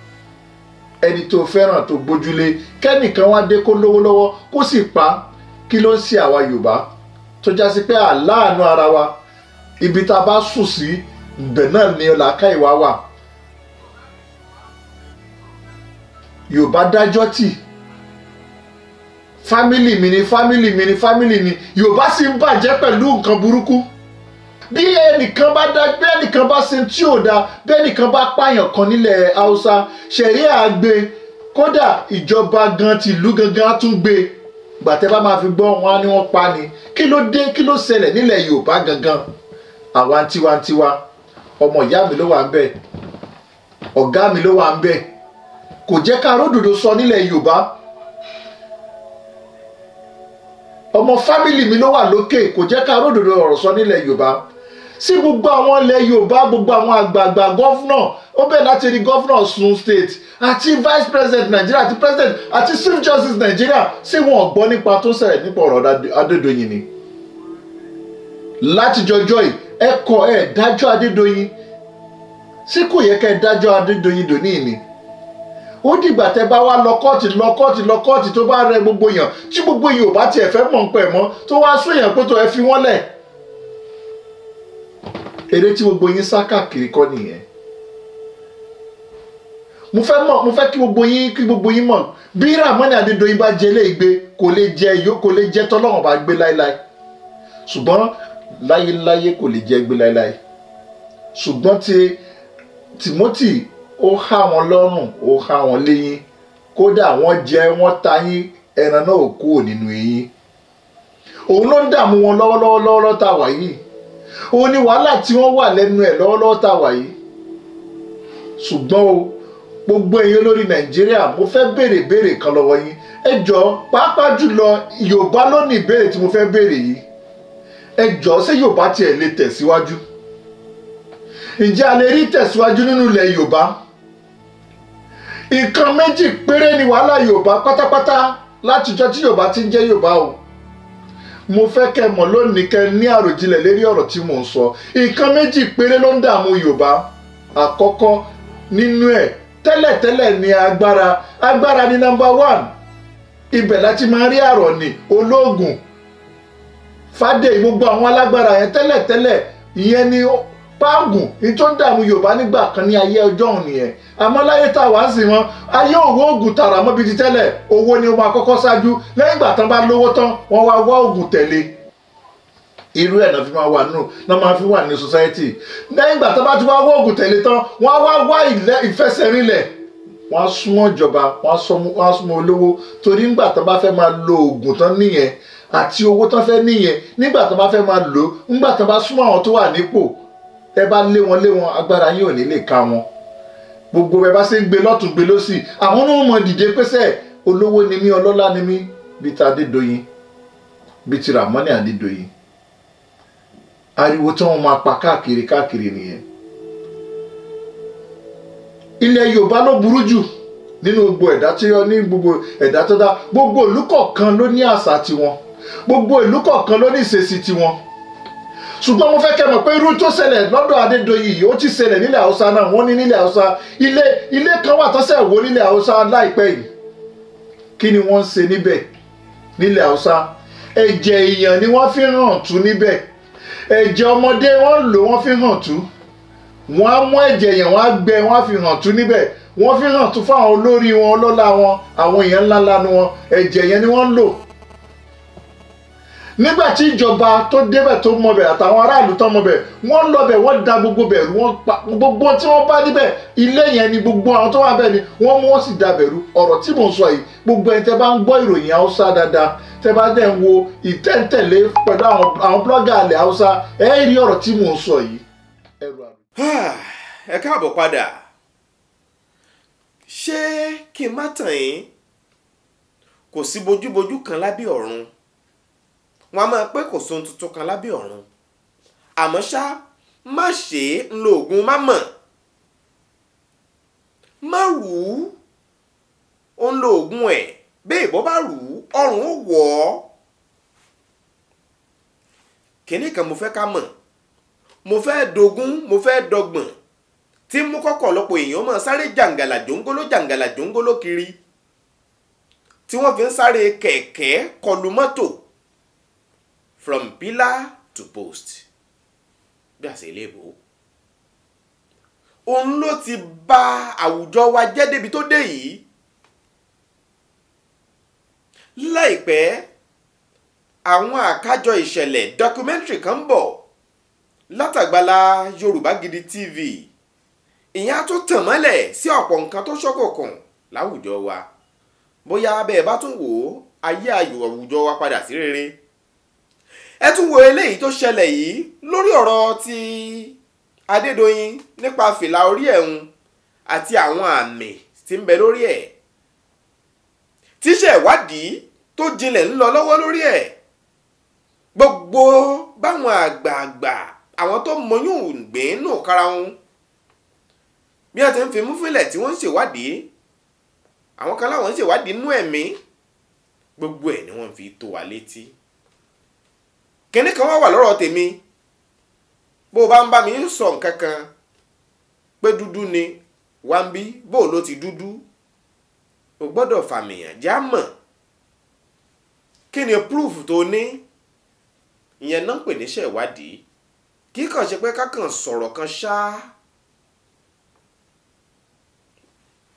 A: ẹni tó fẹ́ràn tó gbójúlé kẹ́nìkan wá dé kó lówó lọ́wọ́ kó sì pa kí ló ń ṣe àwa Yorùbá tó já sí pé àláàánú ara wa ibi tá a bá sùn sí ibẹ̀ náà ni ọ̀làkà ìwà wà Yorùbá dájọ́ tì fámìlì mi ni fámìlì mi ni fámìlì mi Yorùbá sì ń bàjẹ́ pẹ̀lú nǹkan burúkú bí ẹnìkan bá dá bí ẹnìkan bá ṣe tí ò dáa bí ẹnìkan bá pààyàn kan nílẹ̀ haúsá ṣẹ̀ríà gbé kódà ìjọba gan tìlú gangan tún gbé gbàtẹ́ bá máa fi gbọ́ wọn á ní wọ́n pa ni kí ló dé kí ló ṣẹlẹ̀ nílẹ̀ yorùbá gangan àwa tiwantiwa ọmọ ìyá mi ló wà ń bẹ̀ ọ̀gá mi ló wà ń bẹ̀ kò jẹ́ ká ródòdó sọ nílẹ̀ yorùbá ọmọ fámìlì mi ló wà lókè kò jẹ́ ká ródòdó ọ̀rọ̀ sọ nílẹ̀ yorùbá sí gbogbo àwọn ilẹ̀ yorùbá gbogbo àwọn àgbààgbà gọ́fúnà ó bẹ̀rẹ̀ láti rí gọ́fúnà Sun state àti vice president nàìjíríà àti president àti chief justice nàìjíríà sí wọn gbọ́ nípa tó ṣẹlẹ̀ nípa ọ̀rọ̀ adédọ̀yìn ni látijọ́jọ́ yìí ẹ kọ̀ ẹ dájọ́ adédọ̀yìn sí kò yẹ kẹ́ ẹ dájọ́ adédọ̀yìn dòní ni ó dìgbà tẹ bá wá lọ kọ́ọ̀tì lọ kọ́ọ̀tì lọ kọ́ọ̀tì tó bá rẹ gbogbo èèyàn tí gbogbo èèyàn ò bá tiẹ̀ fẹ́ mọ̀ ń pẹ̀ mọ́ tó wá sún èèyàn pé tó ẹ fi wọ́n lẹ̀ eré tí gbogbo yín sá káàkiri kọ́ nìyẹn mo fẹ́ mọ̀ mo fẹ́ kí gbogbo yín kí gbogbo yín mọ̀ bí Ramani Adédoyin bá jẹ ilé ìgbé kò lè jẹ yó kò lè jẹ tọ́lọ́run bá gbé láéláé ṣùgbọ́n láyéláyé kò lè jẹ gbé láéláé ṣùgbọ́n ti Timothy ó há wọn lọ́rùn ó há wọn léyín kódà wọ́n jẹ wọ́n ta yín ẹran náà kúrò nínú eyín òun ló ń dààmú wọn lọ́wọ́lọ́wọ́ lọ́wọ́lọ́wọ́ tá òun ni wàhálà tí wọ́n wà lẹ́nu ẹ̀ lọ́wọ́lọ́wọ́ tá a wà yìí ṣùgbọ́n o gbogbo èèyàn lórí nàìjíríà mo fẹ́ béèrè béèrè kan lọ́wọ́ yín ẹ jọ pàápàá jùlọ yorùbá ló ní ìbéèrè tí mo fẹ́ béèrè yìí ẹ jọ ṣé yorùbá tiẹ̀ lè tẹ̀síwájú ǹjẹ́ a lè rí tẹ̀síwájú nínú ilẹ̀ yorùbá nǹkan méjì péré ni wàhálà yorùbá pátápátá látijọ́ tí yorùbá ti ń jẹ́ yorùbá o mo fẹ́ kẹ́ mọ̀ lónìí kẹ́ ní àròjinlẹ̀ lérí ọ̀rọ̀ tí mo ń sọ nǹkan méjì péré ló ń nínú ẹ̀ tẹ́lẹ̀tẹ́lẹ̀ ni agbára agbára ni nọ́mbà one ibẹ̀ láti máa rí àrọ̀ ní ológun Fádèyí gbogbo àwọn alágbára yẹn páàgùn ní tó ń dààmú yorùbá nígbà kan ní ayé ọjọ́ òun nìyẹn àmọ́ láyé tá a wá sí wọn ayé òwò oògùn tààrà mọ́ bíi ti tẹ́lẹ̀ owó ni wọn àkọ́kọ́ ṣáájú lẹ́yìn ìgbà tán bá lówó tán wọ́n wá wá oògùn tẹ̀lé irú ẹ̀ náà fi máa wà nù náà máa fi wà ní society lẹ́yìn ìgbà tán bá ti wá wá oògùn tẹ̀lé tán wọ́n wá wá ìfẹsẹ̀rinlẹ̀ wọ́n á súnmọ́ ìjọba wọ́n á súnmọ́ olówó torí ńgbà tán bá fẹ́ máa lo oògùn tán nìyẹn àti owó tán fẹ́ nìyẹn nígbà tán bá fẹ́ máa lò ńgbà tán bá súnmọ́ àwọn tó wà nípò tẹ bá lé wọn lé wọn agbára yín ò ní lè ka wọn gbogbo bẹ bá ṣe ń gbé lọ́tún gbé lọ́sì àwọn náà mọ̀ dìde pẹ́sẹ̀ olówó ni mí ọlọ́lá ni mí bíi ti Adédoyin bíi ti Ramoni Adédoyin ariwo tí wọ́n máa pa káàkiri káàkiri nìyẹn ilẹ̀ Yorùbá ló burú jù nínú gbogbo ẹ̀dá tí ó ní gbogbo ẹ̀dá tó dá gbogbo ìlú kọ̀ọ̀kan ló ní àṣà tiwọn gbogbo ìlú kọ̀ọ̀kan ló ní ìṣesí tiwọn ṣùgbọ́n mo fẹ́ kẹ́ mọ̀ pé irú tó ṣẹlẹ̀ lọ́dọ̀ Adédoyin yìí ó ti ṣẹlẹ̀ nílẹ̀ Haúsá náà wọ́n ní nílẹ̀ Haúsá ilé ilé kan wà tọ́sẹ̀ wo nílẹ̀ Haúsá láìpẹ́ yìí kí ni wọ́n ń ṣe níbẹ̀ nílẹ̀ Haúsá ẹ̀jẹ̀ èèyàn ni wọ́n fi hàn tú níbẹ̀ ẹ̀jẹ̀ ọmọdé wọ́n ń lò wọ́n fi hàn tú wọ́n á mú ẹ̀jẹ̀ èèyàn wọ́n á gbẹ wọ́n á fi hàn tú níbẹ̀ wọ́n fi hàn tú fáwọn olórí wọn ọlọ́lá wọn àwọn èèyàn ńláńlá nu wọn ẹ̀jẹ̀ yẹn ni wọ́n ń lò nígbà tí ìjọba tó débẹ̀ tó mọbẹ̀ àtàwọn aráàlú tó mọbẹ̀ wọ́n lọbẹ̀ wọ́n da gbogbo bẹ̀ wọ́n pa gbogbo tí wọ́n bá níbẹ̀ ilé yẹn ni gbogbo àwọn tó wà bẹ́ẹ̀ ni wọ́n mú wọ́n sì da bẹ̀rù ọ̀rọ̀ tí mò ń sọ yìí gbogbo ẹni tẹ́ bá ń gbọ́ ìròyìn haúsá dáadáa tẹ́ bá dẹ̀ ń wo ìtẹ́ntẹ̀lé pẹ̀lú àwọn blọ́gà alẹ́ haúsá ẹ̀
B: rí ọ̀rọ̀ tí mò ń sọ yìí. ẹ káàbọ̀ padà kan lábẹ́ ọ̀run wọn a máa pé kò sóhun tuntun kan lábẹ́ ọ̀run àmọ́ ṣá má ṣe é ń lo oògùn má mọ̀ má rù ú ó ń lo oògùn ẹ̀ bẹ́ẹ̀ ìbọn bá rù ú ọrùn ó wọ̀ ọ́ kínní kan mo fẹ́ ká mọ̀ mo fẹ́ dogún mo fẹ́ dọgbọ̀n tí mú kọ́kọ́ lọ́pọ̀ èèyàn máa sáré jàǹgàlà jòǹgóló jàǹgàlà jòǹgóló kiri tí wọ́n fi ń sáré kẹ̀kẹ́ kọlu mọ́tò from pillar to post bí àṣẹ ilé ìbò òun ló ti bà àwùjọ wa jẹ́ débi tó dé yìí láìpẹ́ àwọn àkájọ ìṣẹ̀lẹ̀ documentary kan ń bọ̀ látàgbàlá Yorùbá Gidi TV ìyẹn á tún tàn mọ́lẹ̀ sí ọ̀pọ̀ nǹkan tó ṣọ́kọ̀ọ̀kan láwùjọ wa bóyá bẹ́ẹ̀ bá tún wò ó ayé ayò àwùjọ wa padà sí rere ẹ tún wo eléyìí tó ṣẹlẹ̀ yìí lórí ọ̀rọ̀ ti Adédoyin nípa fìlà orí ẹ̀hún àti àwọn àmì tí ń bẹ lórí ẹ̀ tíṣẹ́ ìwádìí tó jinlẹ̀ ń lọ lọ́wọ́ lórí ẹ̀ gbogbo báwọn àgbààgbà àwọn tó mọyún gbìn nù kára wọn bí wọ́n ti ń fi mú fílẹ̀ tí wọ́n ń ṣèwádìí àwọn kan láwọn ń ṣèwádìí nú ẹ̀mí gbogbo ẹ̀ ni wọ́n fi tó wa létí kinní kan wá wà lọ́rọ̀ tèmi bó o bá ń bá mi ń sọ nǹkan kan pé dúdú ni wá ń bí bó o ló ti dúdú o gbọ́dọ̀ fàmìyàn já mọ̀ kí ni proof tó ní ìyẹn náà ń pè níṣẹ́ ìwádìí kì í kàn ṣe pé kákan sọ̀rọ̀ kan ṣáá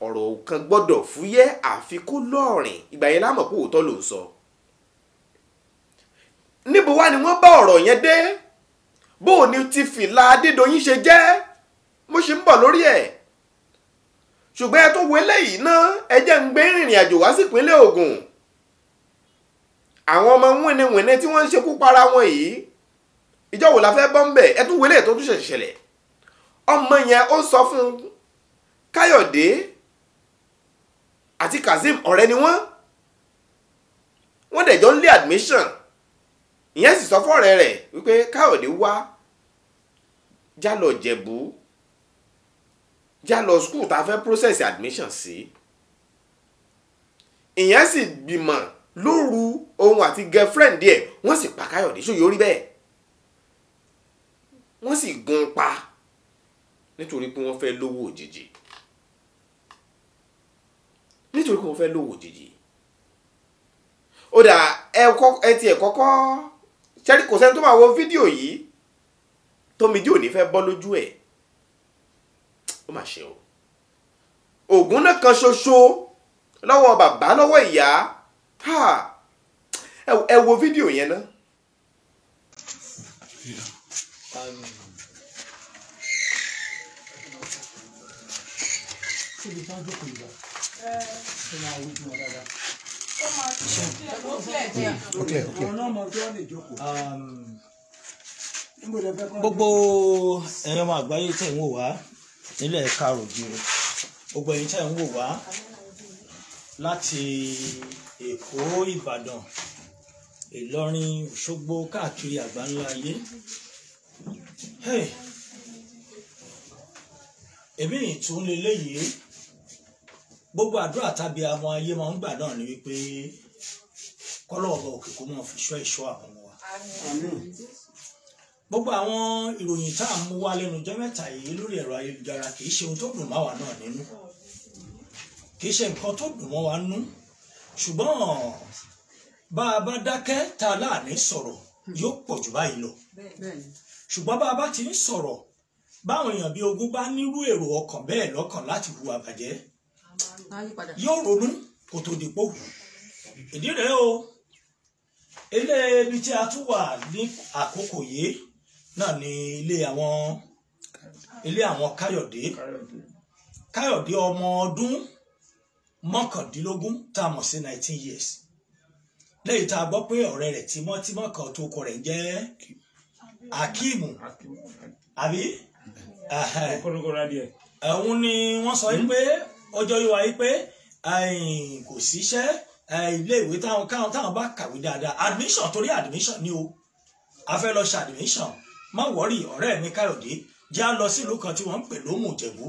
B: ọ̀rọ̀ kan gbọ́dọ̀ fúyẹ́ àfi lọ́ọ̀rìn ìgbà yẹn lámọ̀ pé òótọ́ ló ń sọ. So níbo wá ni wọ́n bá ọ̀rọ̀ yẹn dé bó o ní ti fìlà Adédoyin ṣe jẹ́ mo ṣe ń bọ̀ lórí ẹ̀ ṣùgbọ́n ẹ tó wo eléyìí ná ẹ jẹ́ ń gbé rìnrìn àjò wá sípínlẹ̀ Ògùn àwọn ọmọ wìnìwìnì tí wọ́n ń ṣekú para wọn yìí ìjọ wò la fẹ́ bọ́ ń bẹ̀ ẹ tún wo eléyìí tó tún ṣẹ̀ṣẹ̀ ṣẹlẹ̀ ọmọ yẹn ó sọ fún Káyọ̀dé àti Kazeem ọ̀rẹ́ ni wọ́n wọ́n dẹ̀ jọ ń lé admission ìyẹn sì sọ fọ́ọ̀rẹ́ rẹ̀ wípé káyọ̀dé wá já lọ jẹ̀bú já lọ skul tá a fẹ́ process admission sí ìyẹn sì gbìmọ̀ lóru òun àti girlfriend díẹ̀ wọ́n sì pa káyọ̀dé ṣó yóò rí bẹ́ẹ̀ wọ́n sì gun pa nítorí pé wọ́n fẹ́ lówó òjijì nítorí pé wọ́n fẹ́ lówó òjijì ó dà ẹ tiẹ̀ kọ́kọ́ ṣẹ́rí kò sẹ́ni tó máa wo fídíò yìí tómijé ò ní fẹ́ bọ́ lójú ẹ̀ ó mà ṣe o ògùn náà kan ṣoṣo lọ́wọ́ bàbá lọ́wọ́ ìyá ẹ wo fídíò yẹn ná.
C: Ṣé ibi okay okay. gbogbo ẹ̀yàn ọmọ àgbáyé tẹ̀ ń wò wá nílẹ̀ karògiri gbogbo ẹ̀yin tẹ̀ ń wò wá láti èkó ìbàdàn ìlọrin òṣogbo káàkiri àgbáńlá ayé èmi ìtún lélẹ́yìí gbogbo àdúrà tàbí àwọn ayé máa ń gbà náà ni wípé kọ́lọ́ọ̀bọ òkè kó máa fi ṣọ́ ẹ̀ṣọ́ àwọn ọmọ wa. gbogbo àwọn ìròyìn tá à ń mú wá lẹ́nu ọjọ́ mẹ́ta yìí lórí ẹ̀rọ ayélujára kì í ṣe ohun tó dùn máwa náà nínú kì í ṣe nǹkan tó dùn mọ́ wa nú ṣùgbọ́n bá a bá dákẹ́ tá láàní sọ̀rọ̀ yóò pọ̀ jù báyìí lọ ṣùgbọ́n bá a bá ti ń sọ̀rọ̀ báwọn èèyàn bíi ogún bá nírú èrò ọkàn bẹ́ẹ̀ lọ́kàn láti hùwà bàjẹ́ yóò ronú kò tó dìpọ ìdí rèé o ilé ibi tí a tún wà ní àkókò yìí náà ni ilé àwọn ilé àwọn káyọ̀dé káyọ̀dé ọmọ ọdún mọ́kàndínlógún tá a mọ̀ sí nineteen years lẹ́yìn tá a gbọ́ pé ọ̀rẹ́ rẹ̀ tímọ́tímọ́ kan tó kọ rẹ̀ jẹ́ Akimu àbí òun ni wọ́n sọ pé ọjọ́ yóò wáyé pé kò síṣẹ́ ilé ìwé táwọn káwọn táwọn bá kàwé dáadáa admission torí admission ni o a fẹ́ lọ ṣe admission má wọ́rì ọ̀rẹ́ mi káyọ̀dé jẹ́ á lọ sílùú kan tí wọ́n ń pè lómù ìjẹ̀bú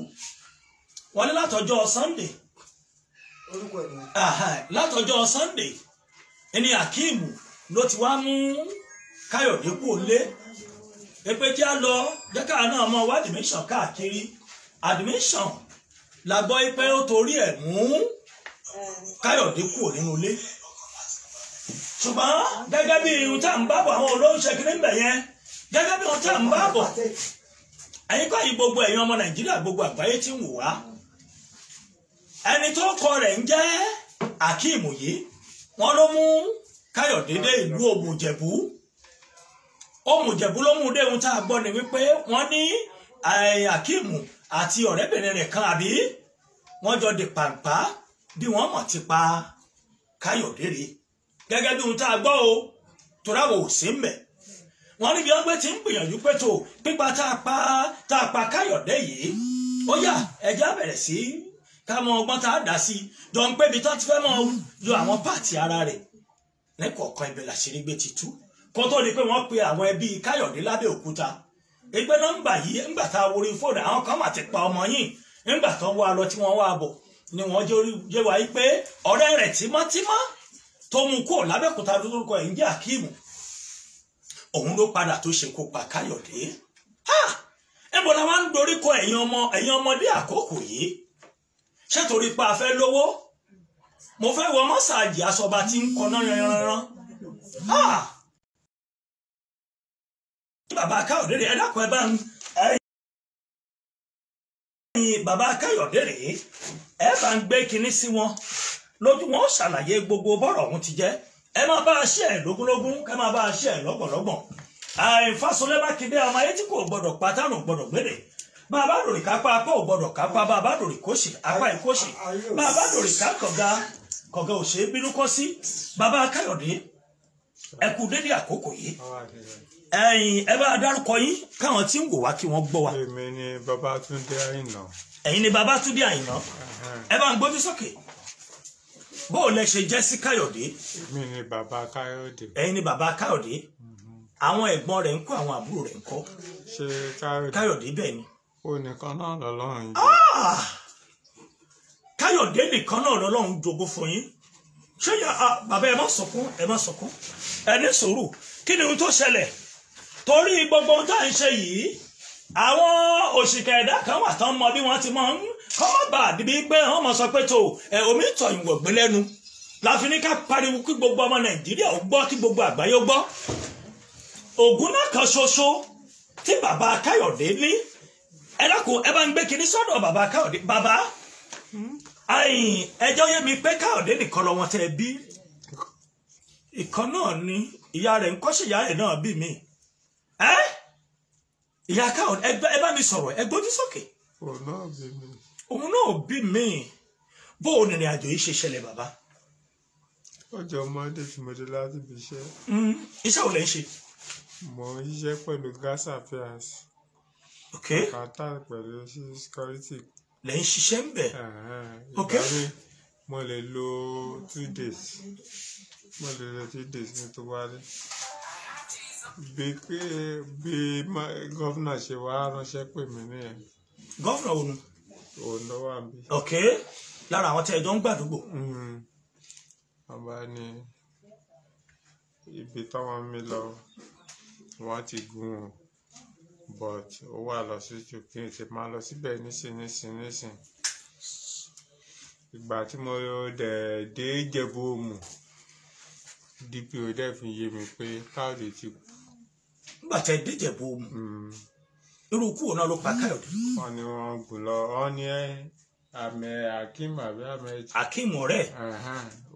C: wọ́n látọjọ́ sunday látọjọ́ sunday ẹni akíìmù ló ti wá mú káyọ̀dé kú lé pépé jẹ́ á lọ jẹ́ káà náà mọ wá admission káàkiri admission la gbọ́ pé ó torí ẹ̀ mú káyọ̀dé kúrò nínú ilé ṣùgbọ́n gẹ́gẹ́ bí irun tá à ń bábọ̀ àwọn olóńṣẹ́ kiri ń bẹ̀ yẹn gẹ́gẹ́ bí irun tá à ń bábọ̀ ẹ̀yin kọ́ yìí gbogbo ẹ̀yin ọmọ nàìjíríà gbogbo àgbáyé ti ń wò wá ẹni tó kọ rẹ̀ ń jẹ́ akeem yìí wọ́n ló mú káyọ̀dé dé ìlú òmùjẹ̀bú òmùjẹ̀bú ló mú dé ohun tá a gbọ́ ni wípé wọ́n ní akíìmù àti ọ̀rẹ́bìnrin rẹ̀ kan àbí wọ́n jọ di pàǹpá bí wọ́n mọ̀ ti pa káyọ̀dé rèé gẹ́gẹ́ bí ohun tá a gbọ́ o toráwò ò sí mbẹ̀ wọ́n níbi ọgbẹ́ ti ń gbìyànjú pé tó pípa tá a pa tá a pa káyọ̀dé yìí ó yá ẹjẹ́ àbẹ̀rẹ̀ sí ká mọ ọgbọ́n tá a dá sí jọ ń pé ibi tó ti fẹ́ mọ yọ àwọn páàtì ara rẹ̀ lẹ́kọ̀ọ̀kan ibẹ̀ làṣírí gbé ti tú kó tó di pé wọ́n pe àwọn ẹbí káyọ̀dé lábẹ́òkúta ẹgbẹ́ nọ́mbà yìí ńgbà tá a wọrí fóònù àwọn kan mà ti pa ọmọ yìí ńgbà tó wá lọ tí wọ́n wá bọ̀ ni wọ́n jẹ́ wá yí pé ọ̀rẹ́ rẹ̀ tímọ́tímọ́ tó mú kó lábẹ́kúta lórúkọ ẹ̀ ń jẹ́ akíìmù òun ló padà tó ṣekú pa káyọ̀dé níbo la wá ń dorí kọ ẹ̀yin ọmọ ẹ̀yin ọmọdé àkókò yìí ṣé torí pa afẹ́ lówó mo fẹ́ wọ mọ́sàájì aṣọba tí ń kọ náà yanranran. Baba káyọ̀dé rè é dákun ẹ bá ń ẹ̀yìn bàbá káyọ̀dé rè é ẹ bá ń gbé kinní sí wọn lójú wọn ṣàlàyé gbogbo bọ́rọ̀ ọ̀hún ti jẹ́ ẹ máa bá a ṣe ẹ̀ lógúnlógún ẹ máa bá a ṣe ẹ̀ lọ́gbọ̀nlọ́gbọ̀n àìfàsọlẹ̀ mákindé ọmọ ayé tí Baba gbọdọ̀ pátánù gbọdọ̀ gbére bàbá dòrì kápá apá ò gbọdọ̀ kápá bàbá dòrì kóṣì apá ìkóṣì bàbá dòrì ká kọ̀gá kọ̀gá òṣèré bínú kọ́ sí bàbá káyọ̀dé ẹ kú dédé àkókò ẹ̀yin ẹ bá dárúkọ yín káwọn tí ń wò wá kí wọ́n gbọ́ wa. èmi ni Babátúndé Àyìnà. ẹ̀yin ni Babátúndé Àyìnà ẹ bá ń gbójú sókè bóò lẹ ṣe jẹ́ sí Káyọ̀dé. èmi ni bàbá Káyọ̀dé. ẹ̀yin ni bàbá Káyọ̀dé mhm. àwọn ẹ̀gbọ́n rẹ̀ ń kọ́ àwọn àbúrò rẹ̀ ń kọ́. ṣé Káyọ̀dé. Káyọ̀dé bẹ́ẹ̀ ni. ó nìkan náà lọ́lọ́run jẹ́. Ah! Káyọ̀dé nìkan náà lọ́lọ́run jogún fún yín ṣé ah, bàbá ẹ má sọkún ẹ má sọkún ẹ ní sùúrù kí ni ohun tó ṣẹlẹ̀ torí gbogbo ohun tá à ń ṣe yìí àwọn òṣìkà ẹ̀dá kan wà tán mọ bí wọ́n ti mọ̀ ń kọ́ mọ́ bá àdìbí pé wọ́n mọ̀ sọ pé tó ẹ̀ omi tọ̀ ìwọ̀ gbé lẹ́nu láfi ní ká pariwo kí gbogbo ọmọ nàìjíríà ó gbọ́ kí gbogbo àgbáyé ó gbọ́ ògùn náà kan ṣoṣo tí bàbá káyọ̀dé ní ẹ ẹ bá ń gbé kinní sọ́dọ̀ bàbá káyọ̀dé bàbá ẹjọ́ yé mi pé káyọ̀dé nìkan lọ tẹ bí ìkan náà ni ìyá rẹ̀ ń kọ́ṣẹ́ ìyá rẹ̀ náà bí mi ẹ́ ìyá káwọn ẹ bá mi sọ̀rọ̀ ẹ gbójú sókè. òun náà bí mi bó o nìrìn àjò yìí ṣe ṣẹlẹ̀ bàbá. ọjọ́ mọ́ndé tí mo
D: dé láti ibi iṣẹ́. Hmm, iṣẹ́ wo lẹ ń ṣe. mo ń ṣiṣẹ́ pẹ̀lú gas affairs. ok kàtà pẹ̀lú security. lẹ ń ṣiṣẹ́ ń bẹ̀. ok mo lè lo two days mo lè lo two days ní wálé bí pé bí gọ́fìnà ṣe wá ránṣẹ́ pè mí nìyẹn. gọ́fìnà wo ni. òun ló wà bí. ok lára àwọn tí ẹjọ ń gbàdúgbò. bàbá hmm. ni ibi táwọn mi lọ wọn ti gún un but ó wà lọ sí kí n ti máa lọ síbẹ̀ nísinsìnyí ìgbà tí mo dẹ̀ dé Ìjẹ̀bú Òmù DPO dẹ̀ fi yé mi pé káàdì ti kú
C: nígbà tí ẹ déjẹ̀bú mu hmm.
D: irú kúrò náà ló pa káyọ̀dé. wọ́n ní wọ́n gùn lọ ọ ní àmì akim àbí àmì. akim ọ̀rẹ́.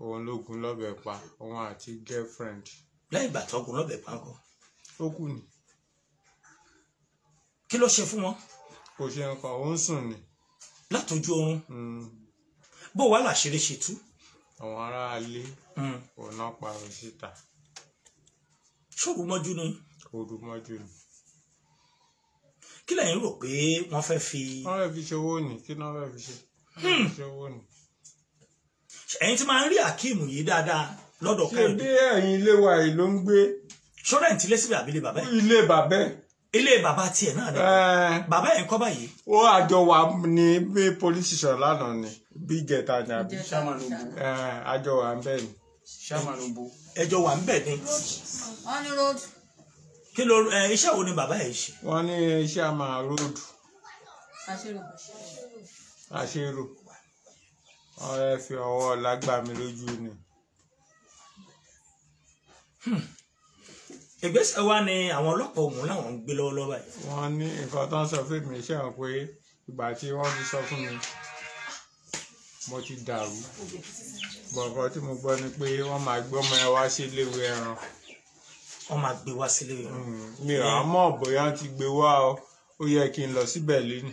D: òun ló gún lọ́bẹ̀ pa òun àti girlfriend. lẹ́yìn ìgbà tó gún lọ́bẹ̀ pa ńkọ́. ó kù ní. kí ló ṣe fún wọn. kò ṣe nǹkan ó ń sùn ni. látọjú oorun. Hmm. bó wàá làṣírí ṣe tú. àwọn aráalé. Hmm. òun náà pariwo síta. ṣòro mọ́jú ni. Mm òru mọ́jú ni.
C: kí lẹ́yìn rò pé wọ́n fẹ́ fi. wọ́n fẹ́ fi ṣe owó nì kí wọ́n fẹ́ fi ṣe.
D: wọ́n fẹ́ fi ṣe owó nì. Hmm.
C: ẹ̀yin ti máa ń rí akeem yìí dáadáa lọ́dọ̀ káyọ̀dé. ṣé bí ẹ̀yin ilé wa yìí ló ń gbé. ṣọ́rẹ́ǹtì ilé síbi àbílẹ̀ bàbá ẹ̀. ilé bàbá ẹ̀. ilé bàbá
D: tiẹ̀ náà ni. bàbá ẹ̀ kọ́ báyìí. ó àjọ wa ní bí police sọ lánàá ni bí gẹ̀ta ni àbí. àjọ wa ń bẹ̀ ni. ẹjọ́ wa ń bẹ̀ ni kí ló iṣẹ́ wo ni bàbá ẹ̀ ṣe. wọ́n ní iṣẹ́ a máa róòdù. àṣírò ọ̀rẹ́ fi ọwọ́ lágbà mi lójú ni. Hmm. ìgbésẹ̀ wa ni àwọn ọlọ́pàá ògùn làwọn ń gbé lọ́wọ́lọ́wọ́ báyìí. wọ́n ní nǹkan tó ń sọ fún mi iṣẹ́ wọn pé ìgbà tí wọ́n fi sọ fún mi mo ti dàrú bọ̀ǹkan tí mo gbọ́ ni pé wọ́n máa gbé ọmọ ẹ wá sí iléèwé ẹran wọ́n máa gbé wá sílé rẹ̀. Mm, mi ò mọ̀ bóyá ti gbé wá o ó yẹ kí n lọ síbẹ̀ lónìí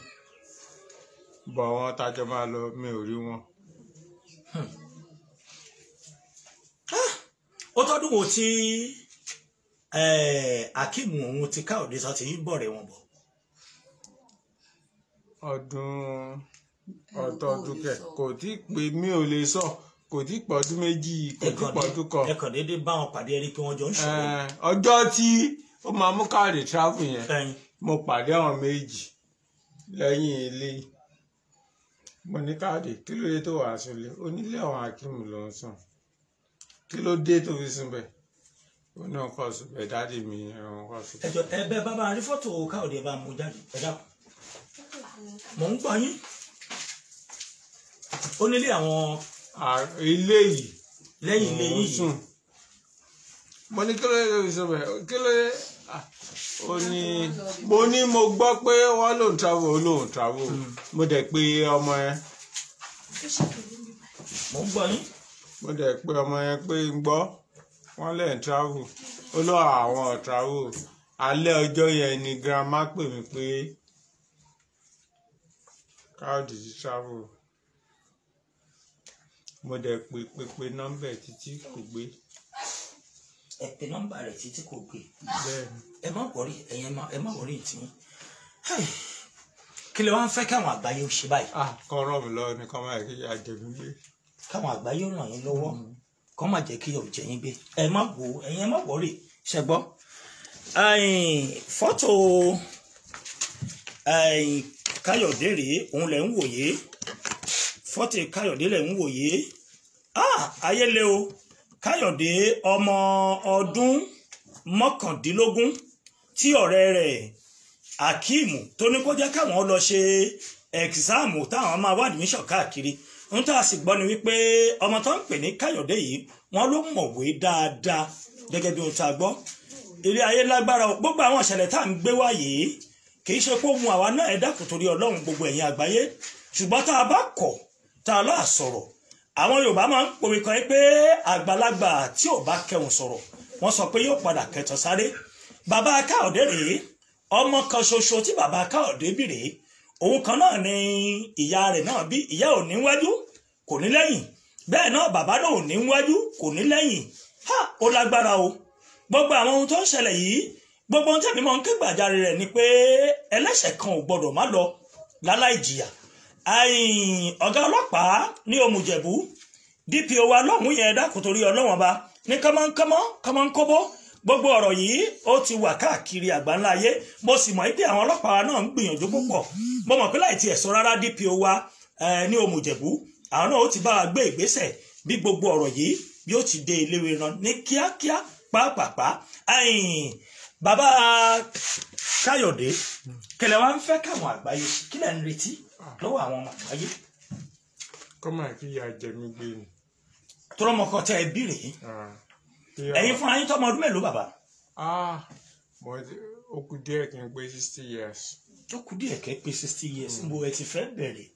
D: bọ̀ wọ́n tájọ máa lọ mi ò rí wọn. Hmm.
C: Ah! ó tọ́dún wo tí akíìmù òun ti káòdé sọ ti ń bọ̀ rẹ̀ wọn bọ̀.
D: ọdún ọ̀tọ̀ọ̀dún kẹ̀ kò tí ì pé mi ò lè sọ. So kò tí pọ̀ ọdún méjì kò tí pọ̀ ọdún kan. ẹkàn déédéé bá wọn pàdé ẹni pé wọ́n jọ ń ṣòro. ọjọ́ tí ó máa mú káàdì travel yẹn mo pàdé àwọn méjì lẹ́yìn ilé mo ní káàdì kí ló dé tó wà á sunlé onílé àwọn akíìmù ló ń sùn kí ló dé tó fi sùn bẹ́ẹ̀ ó náà kọ́ sùn bẹ́ẹ̀ dáàdì mi ẹ̀rọ kọ́ sùn. ẹjọ ẹbẹ bàbá rí fọ́tò káòdì
C: ẹ bá mú jáde ẹ mò ń gbọ́ yín onílé àwọn eléyìí lẹ́yìn eléyìí sùn
D: mo ní kí ló yẹ kí sọ bẹ́ẹ̀ kí ló yẹ ah, ó ní mo ní mo gbọ́ pé wọ́n lòun travel ó lòun travel hmm. mo dẹ̀ pé ọmọ yẹn mo ń gbọ́ yín mo dẹ̀ pé ọmọ yẹn pé ń gbọ́ wọ́n lẹ̀ ń travel ó lọ àwọn travel alẹ́ ọjọ́ yẹn ni grandma pè mí pé káàdì ti travel mo dẹ̀ pè pè pè nọ́mbà ẹ̀ títí kò gbé.
C: ẹ pè nọ́mbà rẹ̀ títí kò gbé. ẹ má wọrí ẹ̀yin ẹ má wọrí ìtì yín kí ló wá ń fẹ́ káwọn àgbáyé ó ṣe báyìí. Ah, kọ́ ràn mí lọ́wọ́ ni kọ́ máa kí àjẹmí gbé. káwọn àgbáyé ó ràn yín lọ́wọ́ mm. kọ́ máa jẹ́ kí ọ̀jẹ̀ yín gbé ẹ má wò ó ẹ̀yin ẹ má wọrí ṣe fọ́tò Káyọ̀dé rèé òun lẹ̀ ń wòye fọ́tì káyọ̀dé lẹ̀ ń wòye ah, ayé le o káyọ̀dé ọmọ ọdún mọ́kàndínlógún tí ọ̀rẹ́ rẹ̀ akíìmù tó ní kó jẹ́ káwọn lọ ṣe ẹ̀gzáàmù táwọn máa wá admission káàkiri ń tá a sì gbọ́ ni wípé ọmọ tó ń pè ní káyọ̀dé yìí wọ́n ló mọ̀wé dáadáa gẹ́gẹ́ bí ohun tá a gbọ́ ilé ayé lágbára gbogbo àwọn ìṣẹ̀lẹ̀ tá à ń gbé wá yìí kì í ṣe pé ohun àwa náà ẹ dákun torí ọlọ́run gbogbo ẹ̀yin àgbáyé ṣùgbọ́n tá a bá kọ̀ ta ló àsọ̀rọ̀ àwọn yorùbá máa ń pòwe kan pé àgbàlagbà tí ò bá kẹhùn sọ̀rọ̀ wọ́n sọ pé yóò padà kẹtàn sáré bàbá káòdé rèé ọmọ kan ṣoṣo tí bàbá káòdé bì rèé òun kan náà ni ìyá rẹ̀ náà bí ìyá ò ní wájú kò ní lẹ́yìn bẹ́ẹ̀ náà bàbá náà ò ní wájú kò ní lẹ́yìn ha ó lágbára o gbogbo àwọn ohun tó ń ṣẹlẹ̀ yìí gbogbo ohun tẹ̀mí mọ́ ń ké gbàjarè rẹ̀ ni pé ẹlẹ́ṣẹ̀ kan ò gbọ́dọ̀ má lọ láláì ọ̀gá ọlọ́pàá ní omùjẹ̀bú dpo wa lọ́hùn yẹn dákun torí ọlọ́wọ́n ba ní kánmọ́nkánmọ́ kánmọ́nkóbó gbogbo ọ̀rọ̀ yìí ó ti wà káàkiri àgbáńlá ayé mo sì mọ̀ pé àwọn ọlọ́pàá náà ń gbìyànjú púpọ̀ mo mọ̀ pé láì tiẹ̀ sọ rárá dpo wa ní omùjẹ̀bú àwọn náà ó ti bá wa gbé ìgbésẹ̀ bí gbogbo ọ̀rọ̀ yìí bí ó ti dé ilé ìran ní kíákíá pàápàá bàbá káyọ̀dé kẹlẹ̀ wa ń fẹ́ káwọn àgbáyé kí lẹ́ ń retí lọ́wọ́ àwọn ọmọ àgbáyé. kọ́mọ kí ya jẹmi gbé ni. tọrọmọkọ tẹ ẹ bí rèé ẹ̀yin fúnra yín tọmọ ọdún mélòó bàbá. ó kù díẹ̀ kí n pé sixty years. ó kù díẹ̀ kẹ́ pé sixty years hmm. mo ẹ ti fẹ́ bẹ̀rẹ̀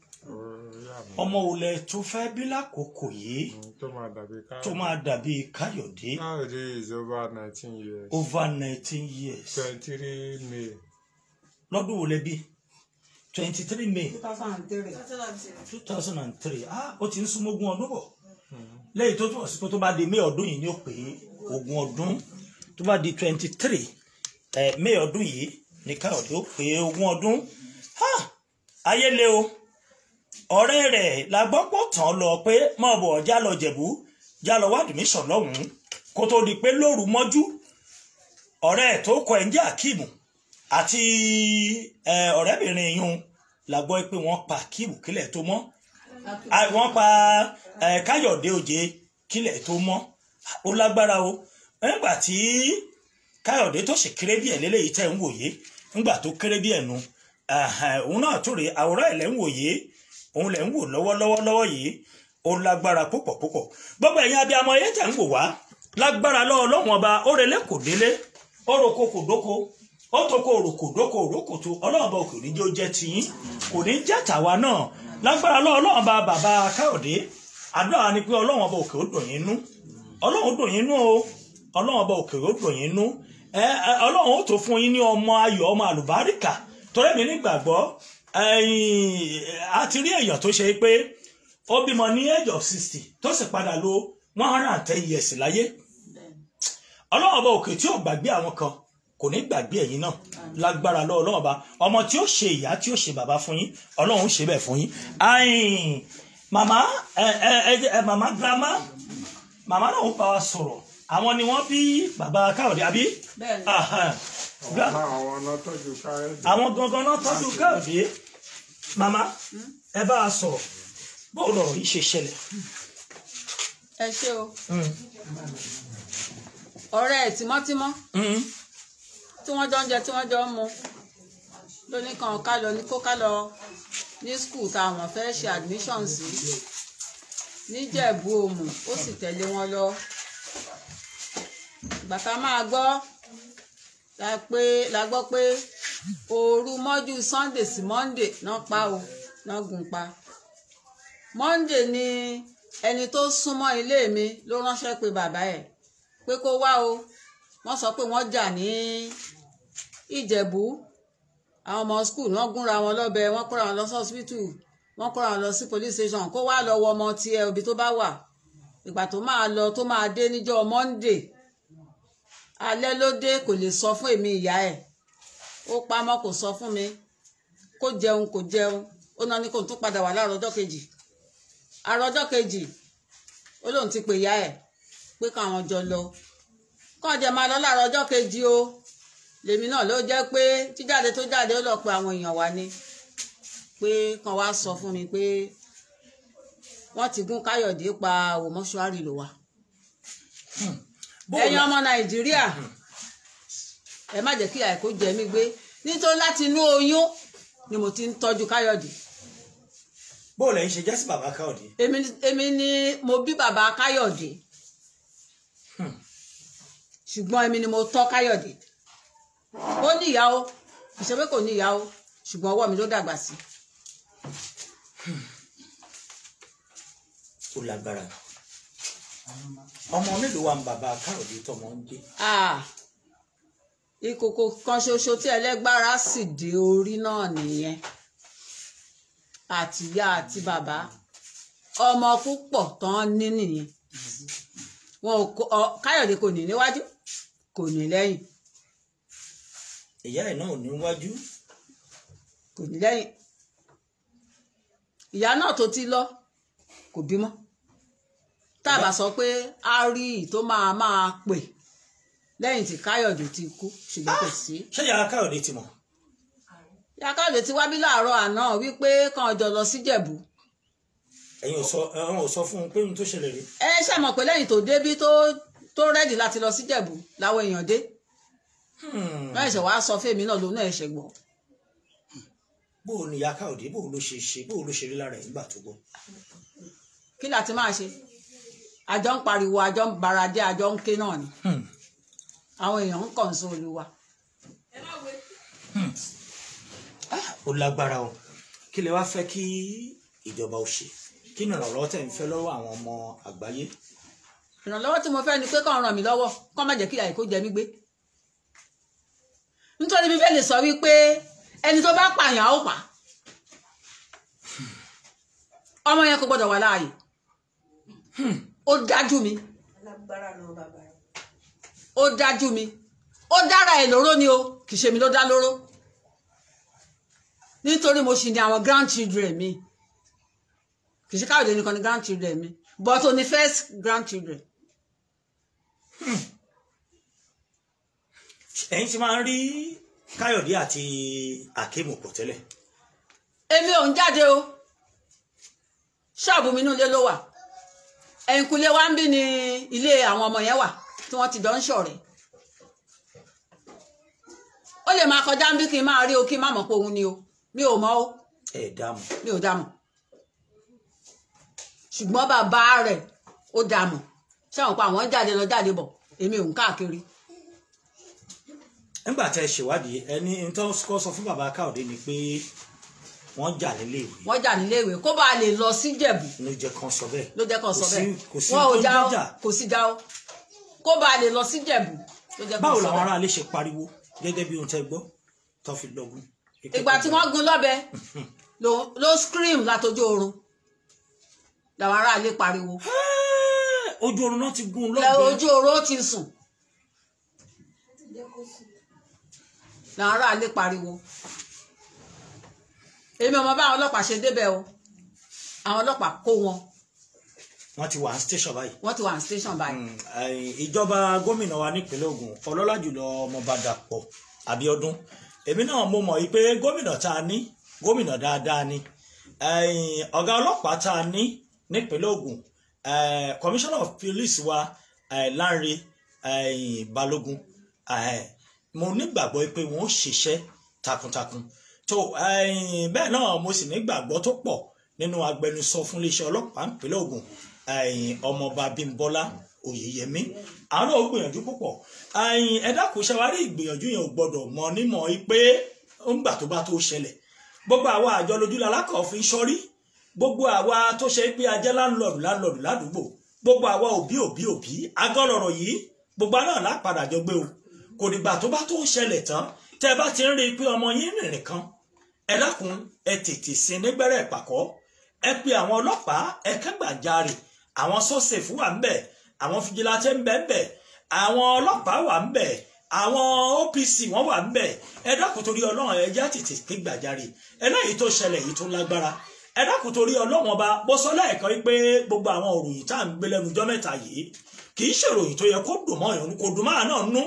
C: ọmọ olè tó fẹ́ bí lákòókò yìí hmm, tó máa dàbí káyọ̀dé káyọ̀dé
D: is over nineteen
C: years over nineteen years twenty three may lọ́dún wo lẹ bí twenty three may two
E: thousand
C: and three ah ó ti ń súnmọ́ ogún ọdún bọ̀ lẹ́yìn tó túbọ̀ sí tó bá di may ọdún yìí ni ó pé ogún ọdún tó bá di twenty three may ọdún yìí ni káyọ̀dé ó pé ogún ọdún ayé le o ọ̀rẹ́ rẹ̀ la gbọ́ pọ̀ tán lọ pé máa bọ̀ já lọ jẹ̀bú já lọ wádìí mi sọ̀ lọ́hùn-ún kó tó di pé lóru mọ́jú ọ̀rẹ́ tó kọ ẹ̀ ń jẹ́ àkíìmù àti ọ̀rẹ́bìnrin yìí la gbọ́ pé wọ́n pa kí ìwòkílẹ̀ tó mọ́ wọ́n pa káyọ̀dé òjé kílẹ̀ tó mọ́ ó lágbára o nígbà tí káyọ̀dé tó sì kéré díẹ̀ léléyìí tẹ́ ń wòye nígbà tó kéré díẹ̀ nu òun náà tó rè àwòrán ẹ̀ lẹ́ ń wòye òun lẹ́ ń wò lọ́wọ́lọ́wọ́ lọ́wọ́ yìí ó lágbára púpọ̀ púpọ̀ gbogbo ẹ̀yin abiyamọ ayé tẹ̀ ń wò wá lágbára lọ́wọ́ ọlọ́run ọba ó relé kò délé ó roko kò dóko ó tokó òròkò dóko òròkò tó ọlọ́ọ̀bọ̀ bá kò ní jẹ́ ó kò ní jẹ́ tàwa náà lágbára ọlọ́run bá bàbá káyọ̀dé àdúrà ni pé ọlọ́run ọba òkè ó dùn yín o ọba òkè ó dùn yín nú ó tó ní ọmọ ayọ̀ ọmọ àlùbáríkà torí mi nígbàgbọ́ a ti rí èèyàn tó pé ó bímọ ní age sixty tó sì padà lo one hundred láyé ọba ò gbàgbé àwọn kò ní gbàgbé ẹ̀yin náà lágbára lọ́wọ́ ọlọ́run ọba ọmọ tí ó ṣe ìyá tí ó ṣe bàbá fún yín ọlọ́run ó ṣe bẹ́ẹ̀ fún yín ayin màmá ẹ ẹ ẹ màmá girama màmá náà ó bá wa sọ̀rọ̀ àwọn ni wọ́n bí bàbá káyọ̀dé àbí àwọn gangan náà tọ́jú káyọ̀dé màmá hmm? ẹ bá a sọ̀rọ̀ bóun lọ̀rọ̀ yìí ṣe ṣẹlẹ̀. ẹ ṣe o hmm.
E: ọ̀rẹ́ ẹ̀ tímọ́tímọ́. Hmm tí wọ́n jọ ń jẹ tí wọ́n jọ ń mu lóní kan ká lọ ní kó ká lọ ní skul táwọn fẹ́ ṣe admission sí níjẹ̀bú òmù ó sì tẹ̀lé wọn lọ bàtà máa gbọ́ la pé la gbọ́ pé òru mọ́jú sunday sí monday náà pa o náà gùn pa monday ni ẹni tó súnmọ́ ilé mi ló ránṣẹ́ pé bàbá ẹ̀ pé kó wá o wọ́n sọ pé wọ́n jà ní ìjẹ̀bú àwọn ọmọ skul wọ́n gúnra wọn lọ́bẹ wọ́n kóra wọn lọ sí hospital wọ́n kóra wọn lọ sí police station kó wá lọ wọ ọmọ tiẹ̀ òbí tó bá wà ìgbà tó máa lọ tó máa dé níjọ́ Monday alẹ́ ló dé kò lè sọ fún èmi ìyá ẹ̀ ó pamọ́ kò sọ fún mi kó jẹun kò jẹun ó náà ní kò tún padà wà láàárọ̀ ọjọ́ kejì àárọ̀ ọjọ́ kejì ó lóun ti pè ìyá ẹ̀ pé káwọn jọ lọ kọ́ ọ̀jẹ̀ máa lọ láàárọ̀ ọjọ́ kejì o lèmi náà ló jẹ́ pé jíjáde tó jáde ó lọ pe àwọn èèyàn wá ní pé kàn wá sọ fún mi pé wọ́n ti gún Káyọ̀dé pa òmọ́ṣúárì ló wà
C: hmm. ẹ̀yin ọmọ
E: Nàìjíríà hmm. ẹ má jẹ́ kí àìkú jẹ mí gbé nítorí láti inú oyún ni mo ti ń tọ́jú Káyọ̀dé.
C: bóò lẹ́yìn ṣe jẹ́ sí bàbá Káyọ̀dé.
E: èmi ni mo bí bàbá Káyọ̀dé hmm. ṣùgbọ́n èmi ni mo tọ́ Káyọ̀dé. Hmm ó ní ìyá o ìṣẹ́pẹ́ kò ní ìyá o ṣùgbọ́n ọwọ́ mi ló dàgbà sí.
C: ó lágbára ọmọ mélòó wa ń bàbá káàdì tọmọ ń gbé.
E: ìkòkò kan ṣoṣo tí ẹlẹ́gbára sì dé orí náà nìyẹn àtìyá àti bàbá ọmọ púpọ̀ tán ní nìyẹn wọn ò Káyọ̀dé kò ní níwájú kò ní lẹ́yìn
C: ìyá ẹ̀ náà ò ní wájú.
E: kò ní lẹ́yìn ìyá náà tó ti lọ kò bímọ tá a bá sọ pé a rí i tó máa máa pè lẹ́yìn tí káyọ̀dé ti kú ṣùgbọ́n kò sí. Ah! ṣé ìyá káyọ̀dé ti mọ̀. ìyá káyọ̀dé ti wá bí láàárọ̀ àná wípé kan ọjọ́ lọ síjẹ̀bú.
C: ẹ̀yin ò sọ ẹ̀wọ̀n ò sọ fún un pé ohun tó ṣẹlẹ̀ rí.
E: ẹ ṣàmọ̀ pé lẹ́yìn tó débí tó tó rẹ́dì láti lọ
C: síjẹ̀bú làwọn èèyàn dé wọ́n ẹ̀sẹ̀ wàá sọ fẹ́mi náà lòun náà ẹ̀ṣẹ̀ gbọ́. bó o ní ìyá káòdé o ló ṣe ṣe bó o ló ṣe rí lára ẹ̀ nígbà tó gbọ́.
E: kí la ti máa ṣe àjọ ń pariwo àjọ ń barajẹ́ àjọ ń ké náà ni hmm. àwọn èèyàn ń kàn sí olúwa. Hmm.
C: Ah, ó lágbára o kí lè wá fẹ́ kí ìjọba ò ṣe kí ni ìrànlọ́wọ́ tẹ̀ ń fẹ́ lọ́wọ́ àwọn ọmọ àgbáyé. ìrànlọ́wọ́ tí mo fẹ́ ni pé kàn ràn mí lọ́wọ́
E: kàn má jẹ́ kí àìkó jẹ mí gbé nítorí bíbélì sọ wípé ẹni tó bá pààyàn á ó pa ọmọ yẹn kò gbọdọ̀ wà láàyè ó dájú mi ó dájú mi ó dára ẹ̀ lóró ni o kì í ṣe mi ló dá lóró nítorí mo ṣì ní àwọn grandchildren mi kì í ṣe káyọ̀dé nìkan ní grandchildren mi but o first grandchildren
C: ẹ̀yin ti máa ń rí káyọ̀dé àti akéemù pọ̀ tẹ́lẹ̀.
E: èmi ò ń jáde o ṣọ́ọ̀bù mi inú ilé ló wà ẹ̀yìnkùlé wa ń bí ni ilé àwọn ọmọ yẹn wà tí wọ́n ti dán ṣọ̀rẹ́ ó lè máa kọjá ń bí kí n máa rí o kí n má mọ̀ pé òun ni o mi ò mọ̀ o ẹ dààmú mi ò dààmú ṣùgbọ́n bàbá rẹ̀ ó dààmú ṣé àwọn pa àwọn jáde lọ jáde bọ̀ èmi ò ń
C: káàkiri nígbà tẹ ṣèwádìí ẹni tó kọ́ sọ fún bàbá káòdé ni pé wọ́n jà nílé ìwé. wọ́n jà nílé ìwé kó bá a lè lọ sí jẹ̀bù. ló jẹ́ kan sọ bẹ́ẹ̀. ló jẹ́ kan sọ bẹ́ẹ̀ kò sí tó já o
E: kò sí já o kó bá a lè lọ sí jẹ̀bù. báwo làwọn aráalé
C: ṣe pariwo gẹ́gẹ́ bí ohun tẹ́ gbọ́ tó fi lọ́gùn. ìgbà tí
E: wọ́n gún lọ́bẹ ló scream látọjú oorun làwọn aráalé pariwo. ojú oorun náà ti gún lọ́bẹ. ojú oorun ó ti sùn. làwọn aráàlú pariwo èmi ọmọ bá àwọn ọlọ́pàá ṣe débẹ̀ o àwọn ọlọ́pàá kó wọn.
C: wọ́n ti wà ní station báyìí. wọ́n ti wà ní station báyìí. Hmm, eh, ìjọba gómìnà wa nípínlẹ̀ Ògùn ọlọ́lá jùlọ ọmọọba Dàpọ̀ Abíọ́dún èmi náà mo mọ̀ pé gómìnà tá a ní gómìnà dáadáa ni eh, ọ̀gá ọlọ́pàá tá a nípínlẹ̀ Ògùn eh, commissioner of police wa Lánrè Balógun mo nígbàgbọ́ pé wọ́n ṣiṣẹ́ takuntakun tó eh, bẹ́ẹ̀ náà mo sì nígbàgbọ́ tó pọ̀ nínú agbẹnusọ fún iléeṣẹ́ ọlọ́pàá ìpínlẹ̀ Ògùn eh, ọmọọba Bímbọ́lá Oyèyẹmí àwọn náà ó gbìyànjú púpọ̀ eh, ẹ dákun ṣàwárí ìgbìyànjú yẹn ò gbọdọ̀ mọ nímọ̀ pé ńgbà tó bá tó ṣẹlẹ̀ gbogbo àwa àjọ lójúlá alákọ̀ọ́fin sọ́rí gbogbo àwa tó ṣe pé ajẹ́ láńlọ́ọ̀dù láńlọ́ọ̀dù ládùúgbò gbogbo àwa òbí òbí òbí agọ́lọ̀rọ̀ yìí gbogbo náà lápadà jọ gbé o kò dìgbà tó bá tó ṣẹlẹ̀ tán tẹ́ ẹ bá ti ń rí i pé ọmọ yín rìnrìn kan ẹ dákun ẹ tètè sí nígbẹ́rẹ́ ìpàkọ́ ẹ pe àwọn ọlọ́pàá ẹ kẹ́gbàjarè àwọn sọ́sẹ̀fù wà ń bẹ̀ àwọn fìjìláńtẹ́ ń bẹ̀ ń bẹ̀ àwọn ọlọ́pàá wà ń bẹ̀ àwọn OPC wọ́n wà ń bẹ̀ ẹ dákun torí ọlọ́run ẹ já tètè kẹ́gbàjarè ẹ lẹ́yìn tó ṣẹlẹ̀ yìí tó lágbára ẹ dákun torí ọlọ́run ọba bó sọ lẹ́ẹ̀kan pé gbogbo àwọn òròyìn tá à ń gbé lẹ́nu jọ́ mẹ́ta yìí kì í ṣèròyìn tó yẹ kó dùn mọ́ ẹ̀rù kò dùn máa náà nú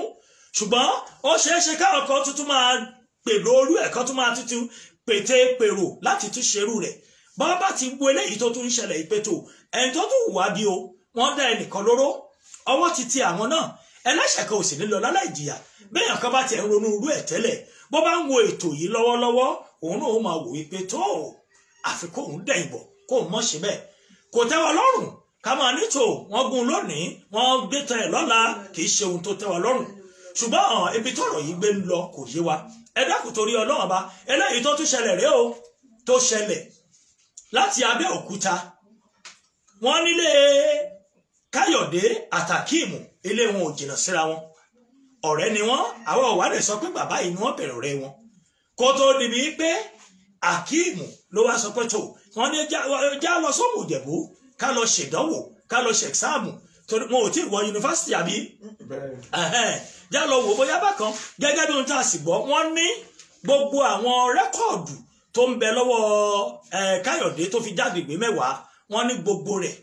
C: ṣùgbọ́n ó ṣeé ṣe káwọn kan tuntun máa pèrò orú ẹ̀ kan tún máa tuntun pété pèrò láti tún ṣerú rẹ̀ bàbá ti wo eléyìí tó tún ń ṣẹlẹ̀ ìpètò ẹni tó tún wà bí o wọ́n dá ẹnìkan lóró ọwọ́ ti ti àwọn náà ẹlẹ́ṣẹ̀ kan ò sì ní lọ láláì jìyà bẹ́ẹ̀yàn kan bá tiẹ̀ ń ronú irú ẹ̀ tẹ́lẹ̀ bó bá ń wo ètò yìí lọ́wọ́lọ́wọ́ òun náà ó máa wò wípé tó àfi kóun dẹ̀yìn bọ̀ kóun mọ̀ ṣe bẹ́ẹ̀ kò tẹ́wa lọ́rùn ká máa nítò wọ́n gún lónìí wọ́n gbé tán ẹ̀ lọ́la kì í ṣe ohun tó tẹ́wa lọ́rùn ṣùgbọ́n ah, ibi tọ̀rọ̀ yìí gbé ń lọ kò yé wa ẹ dákun torí ọlọ́run ọba eléyìí tó tún ṣẹlẹ̀ rèé o tó ṣẹlẹ̀ láti abẹ́òkúta wọ́n nílé káyọ̀dé àtàkíìmù ilé wọn ò jìnnà síra wọn ọ̀rẹ́ ni wọ́n àwọn ọ̀wádìí sọ pé bàbá yìí ni wọ́n bẹ̀rẹ̀ ọ̀rẹ́ wọn kó tó níbi pé àkíìmù ló wá sọ pé tó wọ́n ní já lọ sóòmù ìjẹ̀bú ká lọ ṣèdánwò ká lọ ṣèxáàmù wọn ò tí ì wọ yunifásitì àbí já lọ wò bóyá bákan gẹ́gẹ́ bí ohun tá a sì gbọ́ wọ́n ní gbogbo àwọn rẹ́kọ̀dù tó ń bẹ lọ́wọ́ Káyọ̀dé tó fi jáde ìwé mẹ́wàá wọ́n ní gbogbo rẹ̀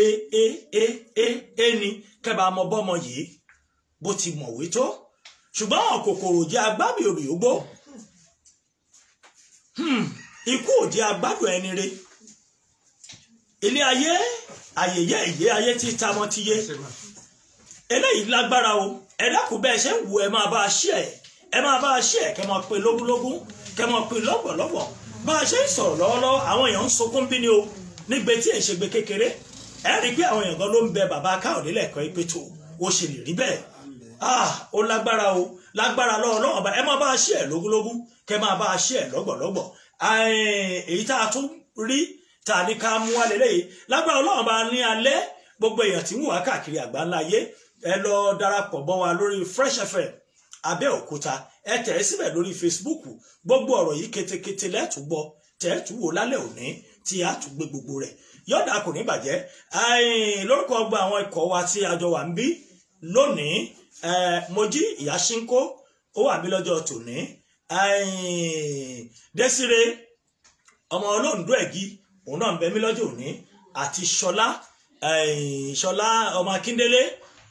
C: e e e e e ni kẹ́bàá mọ bọ́mọ yìí bó ti mọ̀wé tó ṣùgbọ́n àwọn kòkòrò jẹ́ agbábì òrì ògbó hmm, ikú ò jẹ́ agbádùn ẹni re ilé ayé ayẹyẹ ìyé ayé tí tamọ́ ti yé eléyìí lágbára o ẹ dákun bẹ́ẹ̀ ṣe ń wù ẹ máa bá a ṣí ẹ ẹ máa bá a ṣí ẹ kẹ máa pè lógúnlógún kẹ máa pè lọ́gbọ̀lọ́gbọ̀ bá a ṣe ń sọ̀rọ̀ lọ́wọ́lọ́wọ́ àwọn èèyàn ń sunkún bí ni o nígbè tí èṣe kékeré ẹ rí i pé àwọn èèyàn gan ló ń bẹ bàbá káòdé lẹ́ẹ̀kan ìpè tó o ṣe lè rí bẹ́ẹ̀ ah ó lágbára o lágbára lọ́wọ́lọ́wọ́ ẹ máa bá a ṣí ẹ lógúnlógún kẹ máa bá a wa lélẹ́yìí lágbára ọlọ́run bá ní alẹ́ gbogbo èèyàn tí ń wà káàkiri àgbáńlá ayé ẹ lọ darapọ̀ bọ́ wa lórí Fresh FM Abẹ́òkúta ẹ tẹ̀ ẹ́ síbẹ̀ lórí Facebook gbogbo ọ̀rọ̀ yìí ketekete lẹ́ẹ̀tú gbọ́ tẹ̀ẹ́tù wò lálẹ́ òní tí a tún gbé gbogbo rẹ̀ yọ̀dà kò ní bàjẹ́ lórúkọ gba àwọn ikọ̀ wa tí a jọ wà ń bí lónìí Mojí ìyá ṣínkó ó wà mí lọ́jọ́ tòní Désiré ọmọ olóńdó ẹ̀gí òun náà ń bẹ mí lọ́jọ́ òní àti Ṣọlá Ṣọlá ọmọ Akíndélé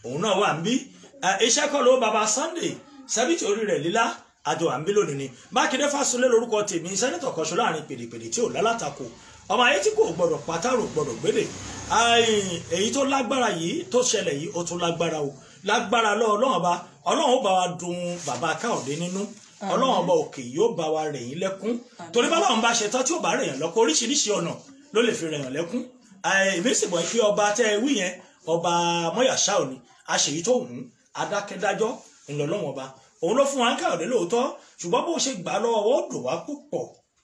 C: òun náà wà ń bí iṣẹ́ kọ́ ló bàbá Sunday sẹ́bìtì orí rẹ̀ lílá àjọ à ń bí lónìí ni Mákindé Fásulé lórúkọ tèmi sẹ́nẹ́tọ̀ kọ́ṣọ́ láàrin pèdèpèdè tí ò lálátakò ọmọ ayé tí kò gbọdọ̀ pátárò gbọdọ̀ gbélé èyí tó lágbára yìí tó ṣẹlẹ̀ yìí ó tún lágbára o lágbára lọ Ọlọ́run ọba Ọlọ́run ó bá wa dùn bàbá Káyọ̀dé nínú Ọlọ́run ọba òkè yóò bá wa rẹ̀ yín lẹ́kún torí bá Ọlọ́run bá ṣe tán tí ò bá rẹ̀ yàn lọ́kọ́ oríṣiríṣi ọ̀nà ló lè fi rẹ̀ yàn lẹ́kún èmi sì ọba tẹ́ ẹ wí yẹn ọba mọ́yàṣá òní aṣèyí tó wù ú adákẹ́dájọ́ ńlọlọ́wọ́n ọba òun ló fún wa ń káyọ̀dé lóòótọ́ ṣùgbọ́n bó ṣe gbà lọ́wọ́ ó dò wá púpọ̀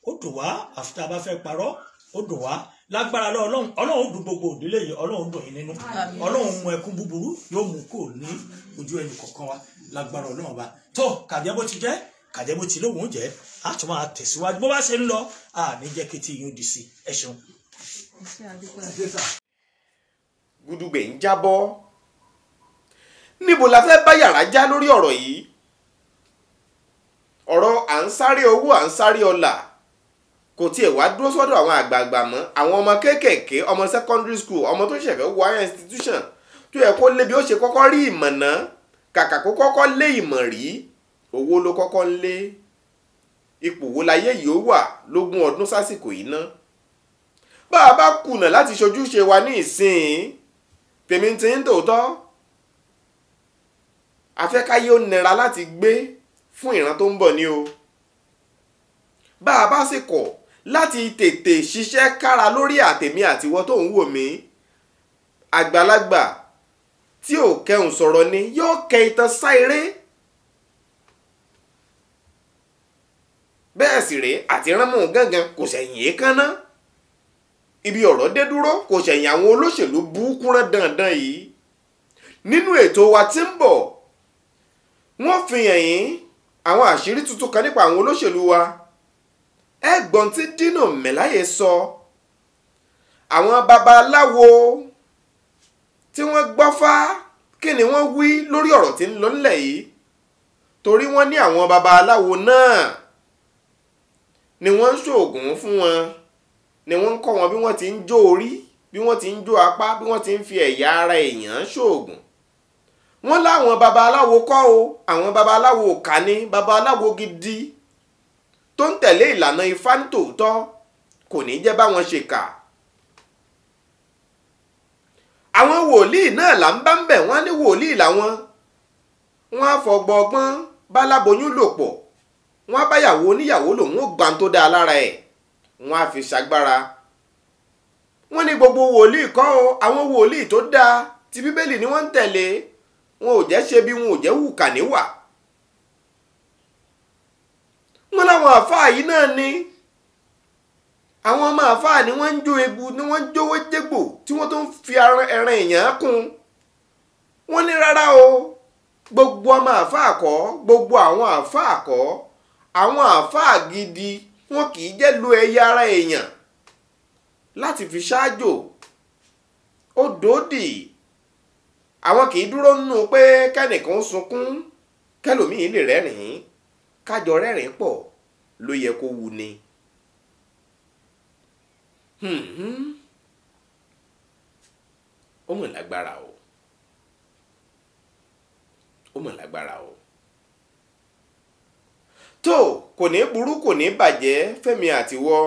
C: ó dò wá àfi tá a bá fẹ́ parọ́ ó dò wá lágbára lọ ọlọ́run ọlọ́run dùn gbogbo òdílé yìí ọlọ́run dùn yín nínú ọlọ́run mú ẹkún búburú yóò mú kò ní ojú ẹnì kọ̀ọ̀kan wa lágbára ọlọ́run ọba tó kàjẹ́ bó ti jẹ́ kàjẹ́ bó ti lóhùn jẹ́ á tún máa tẹ̀síwájú bó bá ṣe ń lọ à ní jẹ́ kí tí níbo la fẹ́ bá
B: yàrá já lórí ọ̀rọ̀ yìí ọ̀rọ̀ à ń sáré owó à ń sáré ọlà kò tiẹ̀ wá dúró sọ́dọ̀ àwọn àgbààgbà mọ́ àwọn ọmọ kéékèèké ọmọ secondary school ọmọ tó ṣẹ̀fẹ̀ wọ higher institution tó yẹ kó lé bí ó ṣe kọ́kọ́ rí ìmọ̀ ná kàkà kó kọ́kọ́ lé ìmọ̀ rí owó ló kọ́kọ́ ń lé ipò wo láyé yìí ó wà lógún ọdún sásìkò yìí ná bá a bá kùnà láti ṣojúṣe wa ní ìsìn tèmi ti ń tòótọ́ afẹ́káyé ó nira láti gbé fún ìran tó ń bọ̀ ni o bá a bá sì kọ̀ láti tètè ṣiṣẹ́ kára lórí àtèmi àtiwọ́ tó ń wò mí àgbàlagbà tí ò kẹhùn sọ̀rọ̀ ni yóò kẹ ìtàn sá eré bẹ́ẹ̀ sì rèé àti ránmù gángan kò ṣẹ̀yìn èékánná ibi ọ̀rọ̀ dé dúró kò ṣẹ̀yìn àwọn olóṣèlú burúkú rán dandan yìí nínú ètò wa tí ń bọ̀ wọ́n fi hàn yín àwọn àṣírí tuntun kan nípa àwọn olóṣèlú wa ẹgbọ́n tí Dino Melaye sọ àwọn babaláwo tí wọ́n gbọ́fá kí ni wọ́n wí lórí ọ̀rọ̀ tí ń lọ nílẹ̀ yìí torí wọ́n ní àwọn babaláwo náà ni wọ́n ń ṣoògùn fún wọn ni wọ́n ń kọ́ wọn bí wọ́n ti ń jó orí bí wọ́n ti ń jó apá bí wọ́n ti ń fi ẹ̀yà ara èèyàn ṣoògùn wọ́n láwọn babaláwo kọ́ o àwọn babaláwo kà ní babaláwo gidi tó ń tẹ̀lé ìlànà ifá nítòótọ́ kò ní jẹ́ báwọn ṣe kà. àwọn wòlíì náà là ń bá ń bẹ̀ wọ́n ní wòlíì làwọn wọ́n á fọgbọ́gbọ́n báláboyún lò pọ̀ wọ́n á báyàwó oníyàwó lòun ó gbà tó dáa lára ẹ̀ wọ́n á fi ṣagbára. wọ́n ní gbogbo wòlíì kọ́ o àwọn wòlíì tó dáa ti bíbélì ni wọ́n ń tẹ̀lé wọn ò jẹ́ ṣe bí wọn ò jẹ́ wùkà níwà láwọn àfáà ni àwọn ọmọ àfáà ni wọ́n ń jó ebu ni wọ́n ń jówó tí wọn tó ń fi ẹran èèyàn kún wọn ní rárá o gbogbo ọmọ àfáà kọ́ gbogbo àwọn àfáà kọ́ àwọn àfáà gidi wọn kì í jẹ́ lo ẹ̀yà ara èèyàn láti fi ṣáájò ó dòódì àwọn kì í dúró nínú pé kẹ́nìkan ń sunkún kẹ́lòmíì lè rẹ́rìn-ín kájọ rẹ́rìn-ín pọ̀ ló yẹ kó wu ni. ó mọ̀ lágbára o ó mọ̀ lágbára o tó kò ní burú kò ní bàjẹ́ fẹ́mi àtiwọ́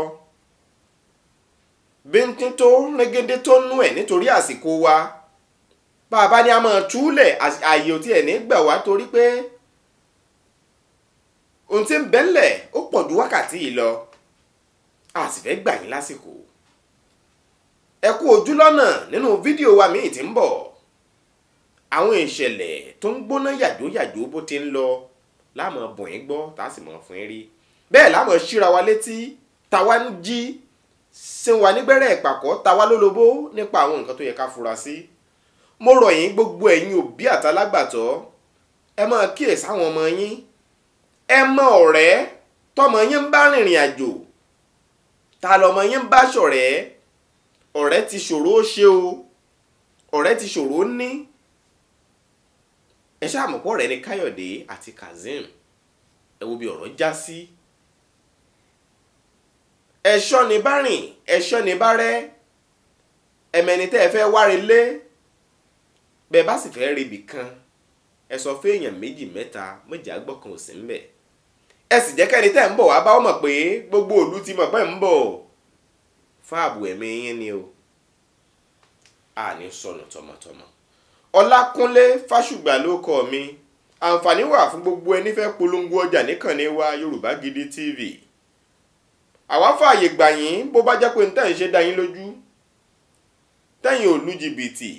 B: bíntín tó rẹ́gẹ́dẹ́ tó nú ẹ̀ nítorí àsìkò wa bàbá ni a máa túlẹ̀ ààyè ò tiẹ̀ ní gbà wá torí pé ohun tí ń bẹ́ńlẹ̀ ó pọ̀ ju wákàtí yìí lọ a sì fẹ́ gbà yín lásìkò ẹ kú ojú lọ́nà nínú fídíò wa míì tí ń bọ̀ àwọn ìṣẹ̀lẹ̀ tó ń gbóná yàjóyàjó bó ti ń lọ láàmú bùn yín gbọ́ tá a sì mọ̀ fún rí bẹ́ẹ̀ láàmú síra wa létí táwa ń jí sínwá nígbẹ́rẹ́ ìpàkọ́ táwa lólobó nípa àwọn nǹkan tó yẹ ká fura sí. Si mo rọ̀ yín gbogbo ẹ̀yin òbí àtàlágbàtọ́ ẹ máa kíyèsí àwọn ọmọ yín ẹ mọ ọ̀rẹ́ tọmọ yín ń bá rìnrìn àjò ta lọmọ yín ń bá ṣọ̀rẹ́ ọ̀rẹ́ ti ṣòro ó ṣe o ọ̀rẹ́ ti ṣòro ó ní ẹ ṣáà mọ̀ pọ̀ ọ̀rẹ́ ni Káyọ̀dé àti Kazeem ẹ wo bí ọ̀rọ̀ já sí ẹ̀ṣọ́ ni bá rìn ẹ̀ṣọ́ ni bá rẹ́ ẹ̀mẹ́ni tẹ́ ẹ fẹ́ wáre lé bẹ́ẹ̀ bá sì fẹ́ rebì kan ẹ sọ fún èèyàn méjì mẹ́ta méjà gbọ̀kan òsì ńbẹ̀ ẹ sì jẹ́ kẹ́ni tẹ́ ń bọ̀ wá bá ọmọ pé gbogbo òlu ti mọ̀ pé ń bọ̀ fáàbù ẹ̀mí yín ni o àní sọnù tọmọtọmọ Ọlákúnlé Fásùgbà ló kọ mi àǹfààní wà fún gbogbo ẹni fẹ́ polongo ọjà níkànnì wa Yorùbá Gidi TV àwa fààyè gbà yín bó bá jẹ́ pé ń tẹ̀ ń ṣe dá yín lójú tẹ̀yìn ò jìbìtì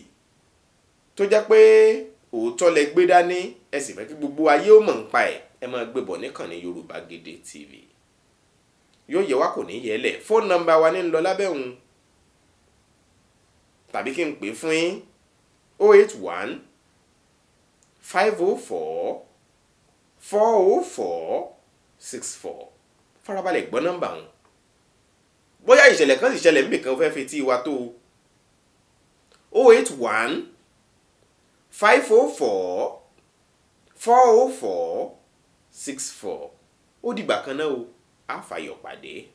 B: tó jẹ́ pé òótọ́ lẹ gbé dání ẹ sì fẹ́ kí gbogbo ayé ó mọ̀ ń pa ẹ̀ ẹ máa gbé bọ̀ níkànnì Yorùbá Gidi TV yóò yẹ wá kò ní yẹlẹ̀ fóònù nọ́mbà wa ní ń lọ lábẹ́ òun tàbí kí n pè fún yín 081 504 404 64 farabalẹ̀ gbọ́ nọ́mbà òun bóyá ìṣẹ̀lẹ̀ kan sì ṣẹlẹ̀ níbìkan fẹ́ fi tí wa tó 081 five oh four four oh four six four ó dìgbà kan náà o àfàyọ̀pàdé.